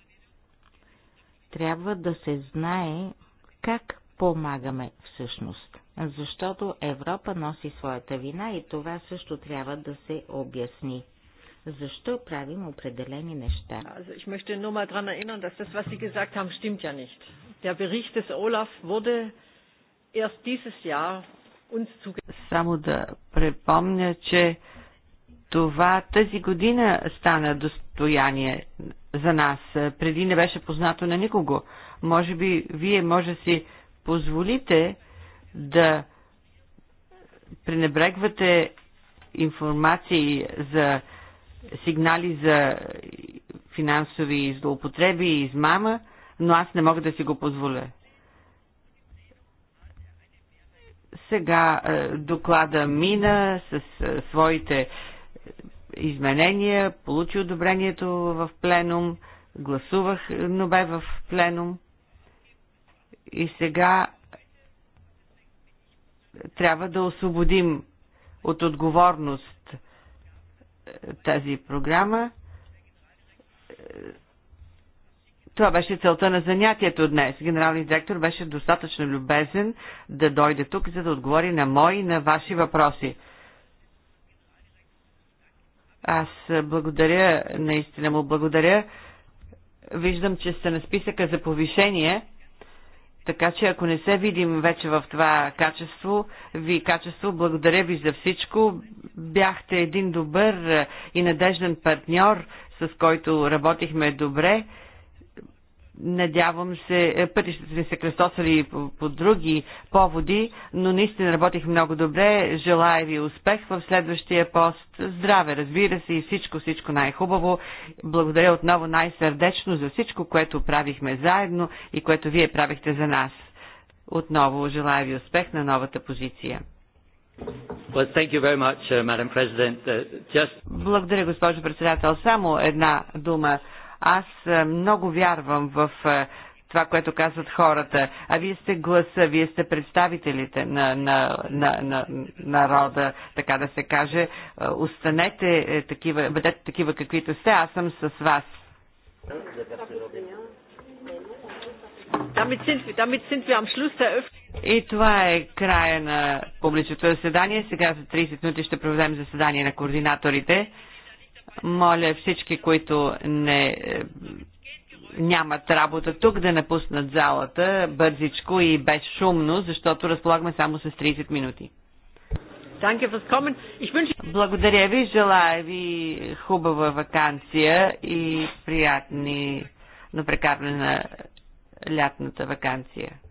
трябва да се знае как помагаме всъщност. Защото Европа носи своята вина и това също трябва да се обясни. Защо правим определени неща? Also ich möchte nur mal daran erinnern, dass das, was Sie gesagt haben, stimmt ja nicht. Der Bericht des Olaf wurde erst dieses Jahr uns Само да припомня, че това тази година стана достояние за нас. Преди не беше познато на никого. Може би вие може си позволите да пренебрегвате информации за сигнали за финансови злоупотреби и измама, но аз не мога да си го позволя. Сега е, доклада мина с е, своите изменения, получи одобрението в пленум, гласувах, но бе в пленум. И сега трябва да освободим от отговорност е, тази програма. Това беше целта на занятието днес. Генералният директор беше достатъчно любезен да дойде тук, за да отговори на мои и на ваши въпроси. Аз благодаря, наистина му благодаря. Виждам, че сте на списъка за повишение, така че ако не се видим вече в това качество, ви качество, благодаря ви за всичко. Бяхте един добър и надежден партньор, с който работихме добре Надявам се, е, пътищата ни се кръстосали по, по други поводи, но наистина работих много добре. Желая ви успех в следващия пост. Здраве, разбира се, и всичко, всичко най-хубаво. Благодаря отново най-сърдечно за всичко, което правихме заедно и което вие правихте за нас. Отново желая ви успех на новата позиция. Well, much, uh, uh, Just... Благодаря, госпожо председател. Само една дума аз е, много вярвам в е, това, което казват хората, а вие сте гласа, вие сте представителите на, на, на, на народа, така да се каже. Е, останете такива, бъдете такива каквито сте, аз съм с вас. И това е края на публичното заседание. Сега за 30 минути ще проведем заседание на координаторите. Моля всички, които не нямат работа тук, да напуснат залата бързичко и безшумно, защото разполагаме само с 30 минути. Благодаря ви, желая ви хубава вакансия и приятни на прекарване на лятната вакансия.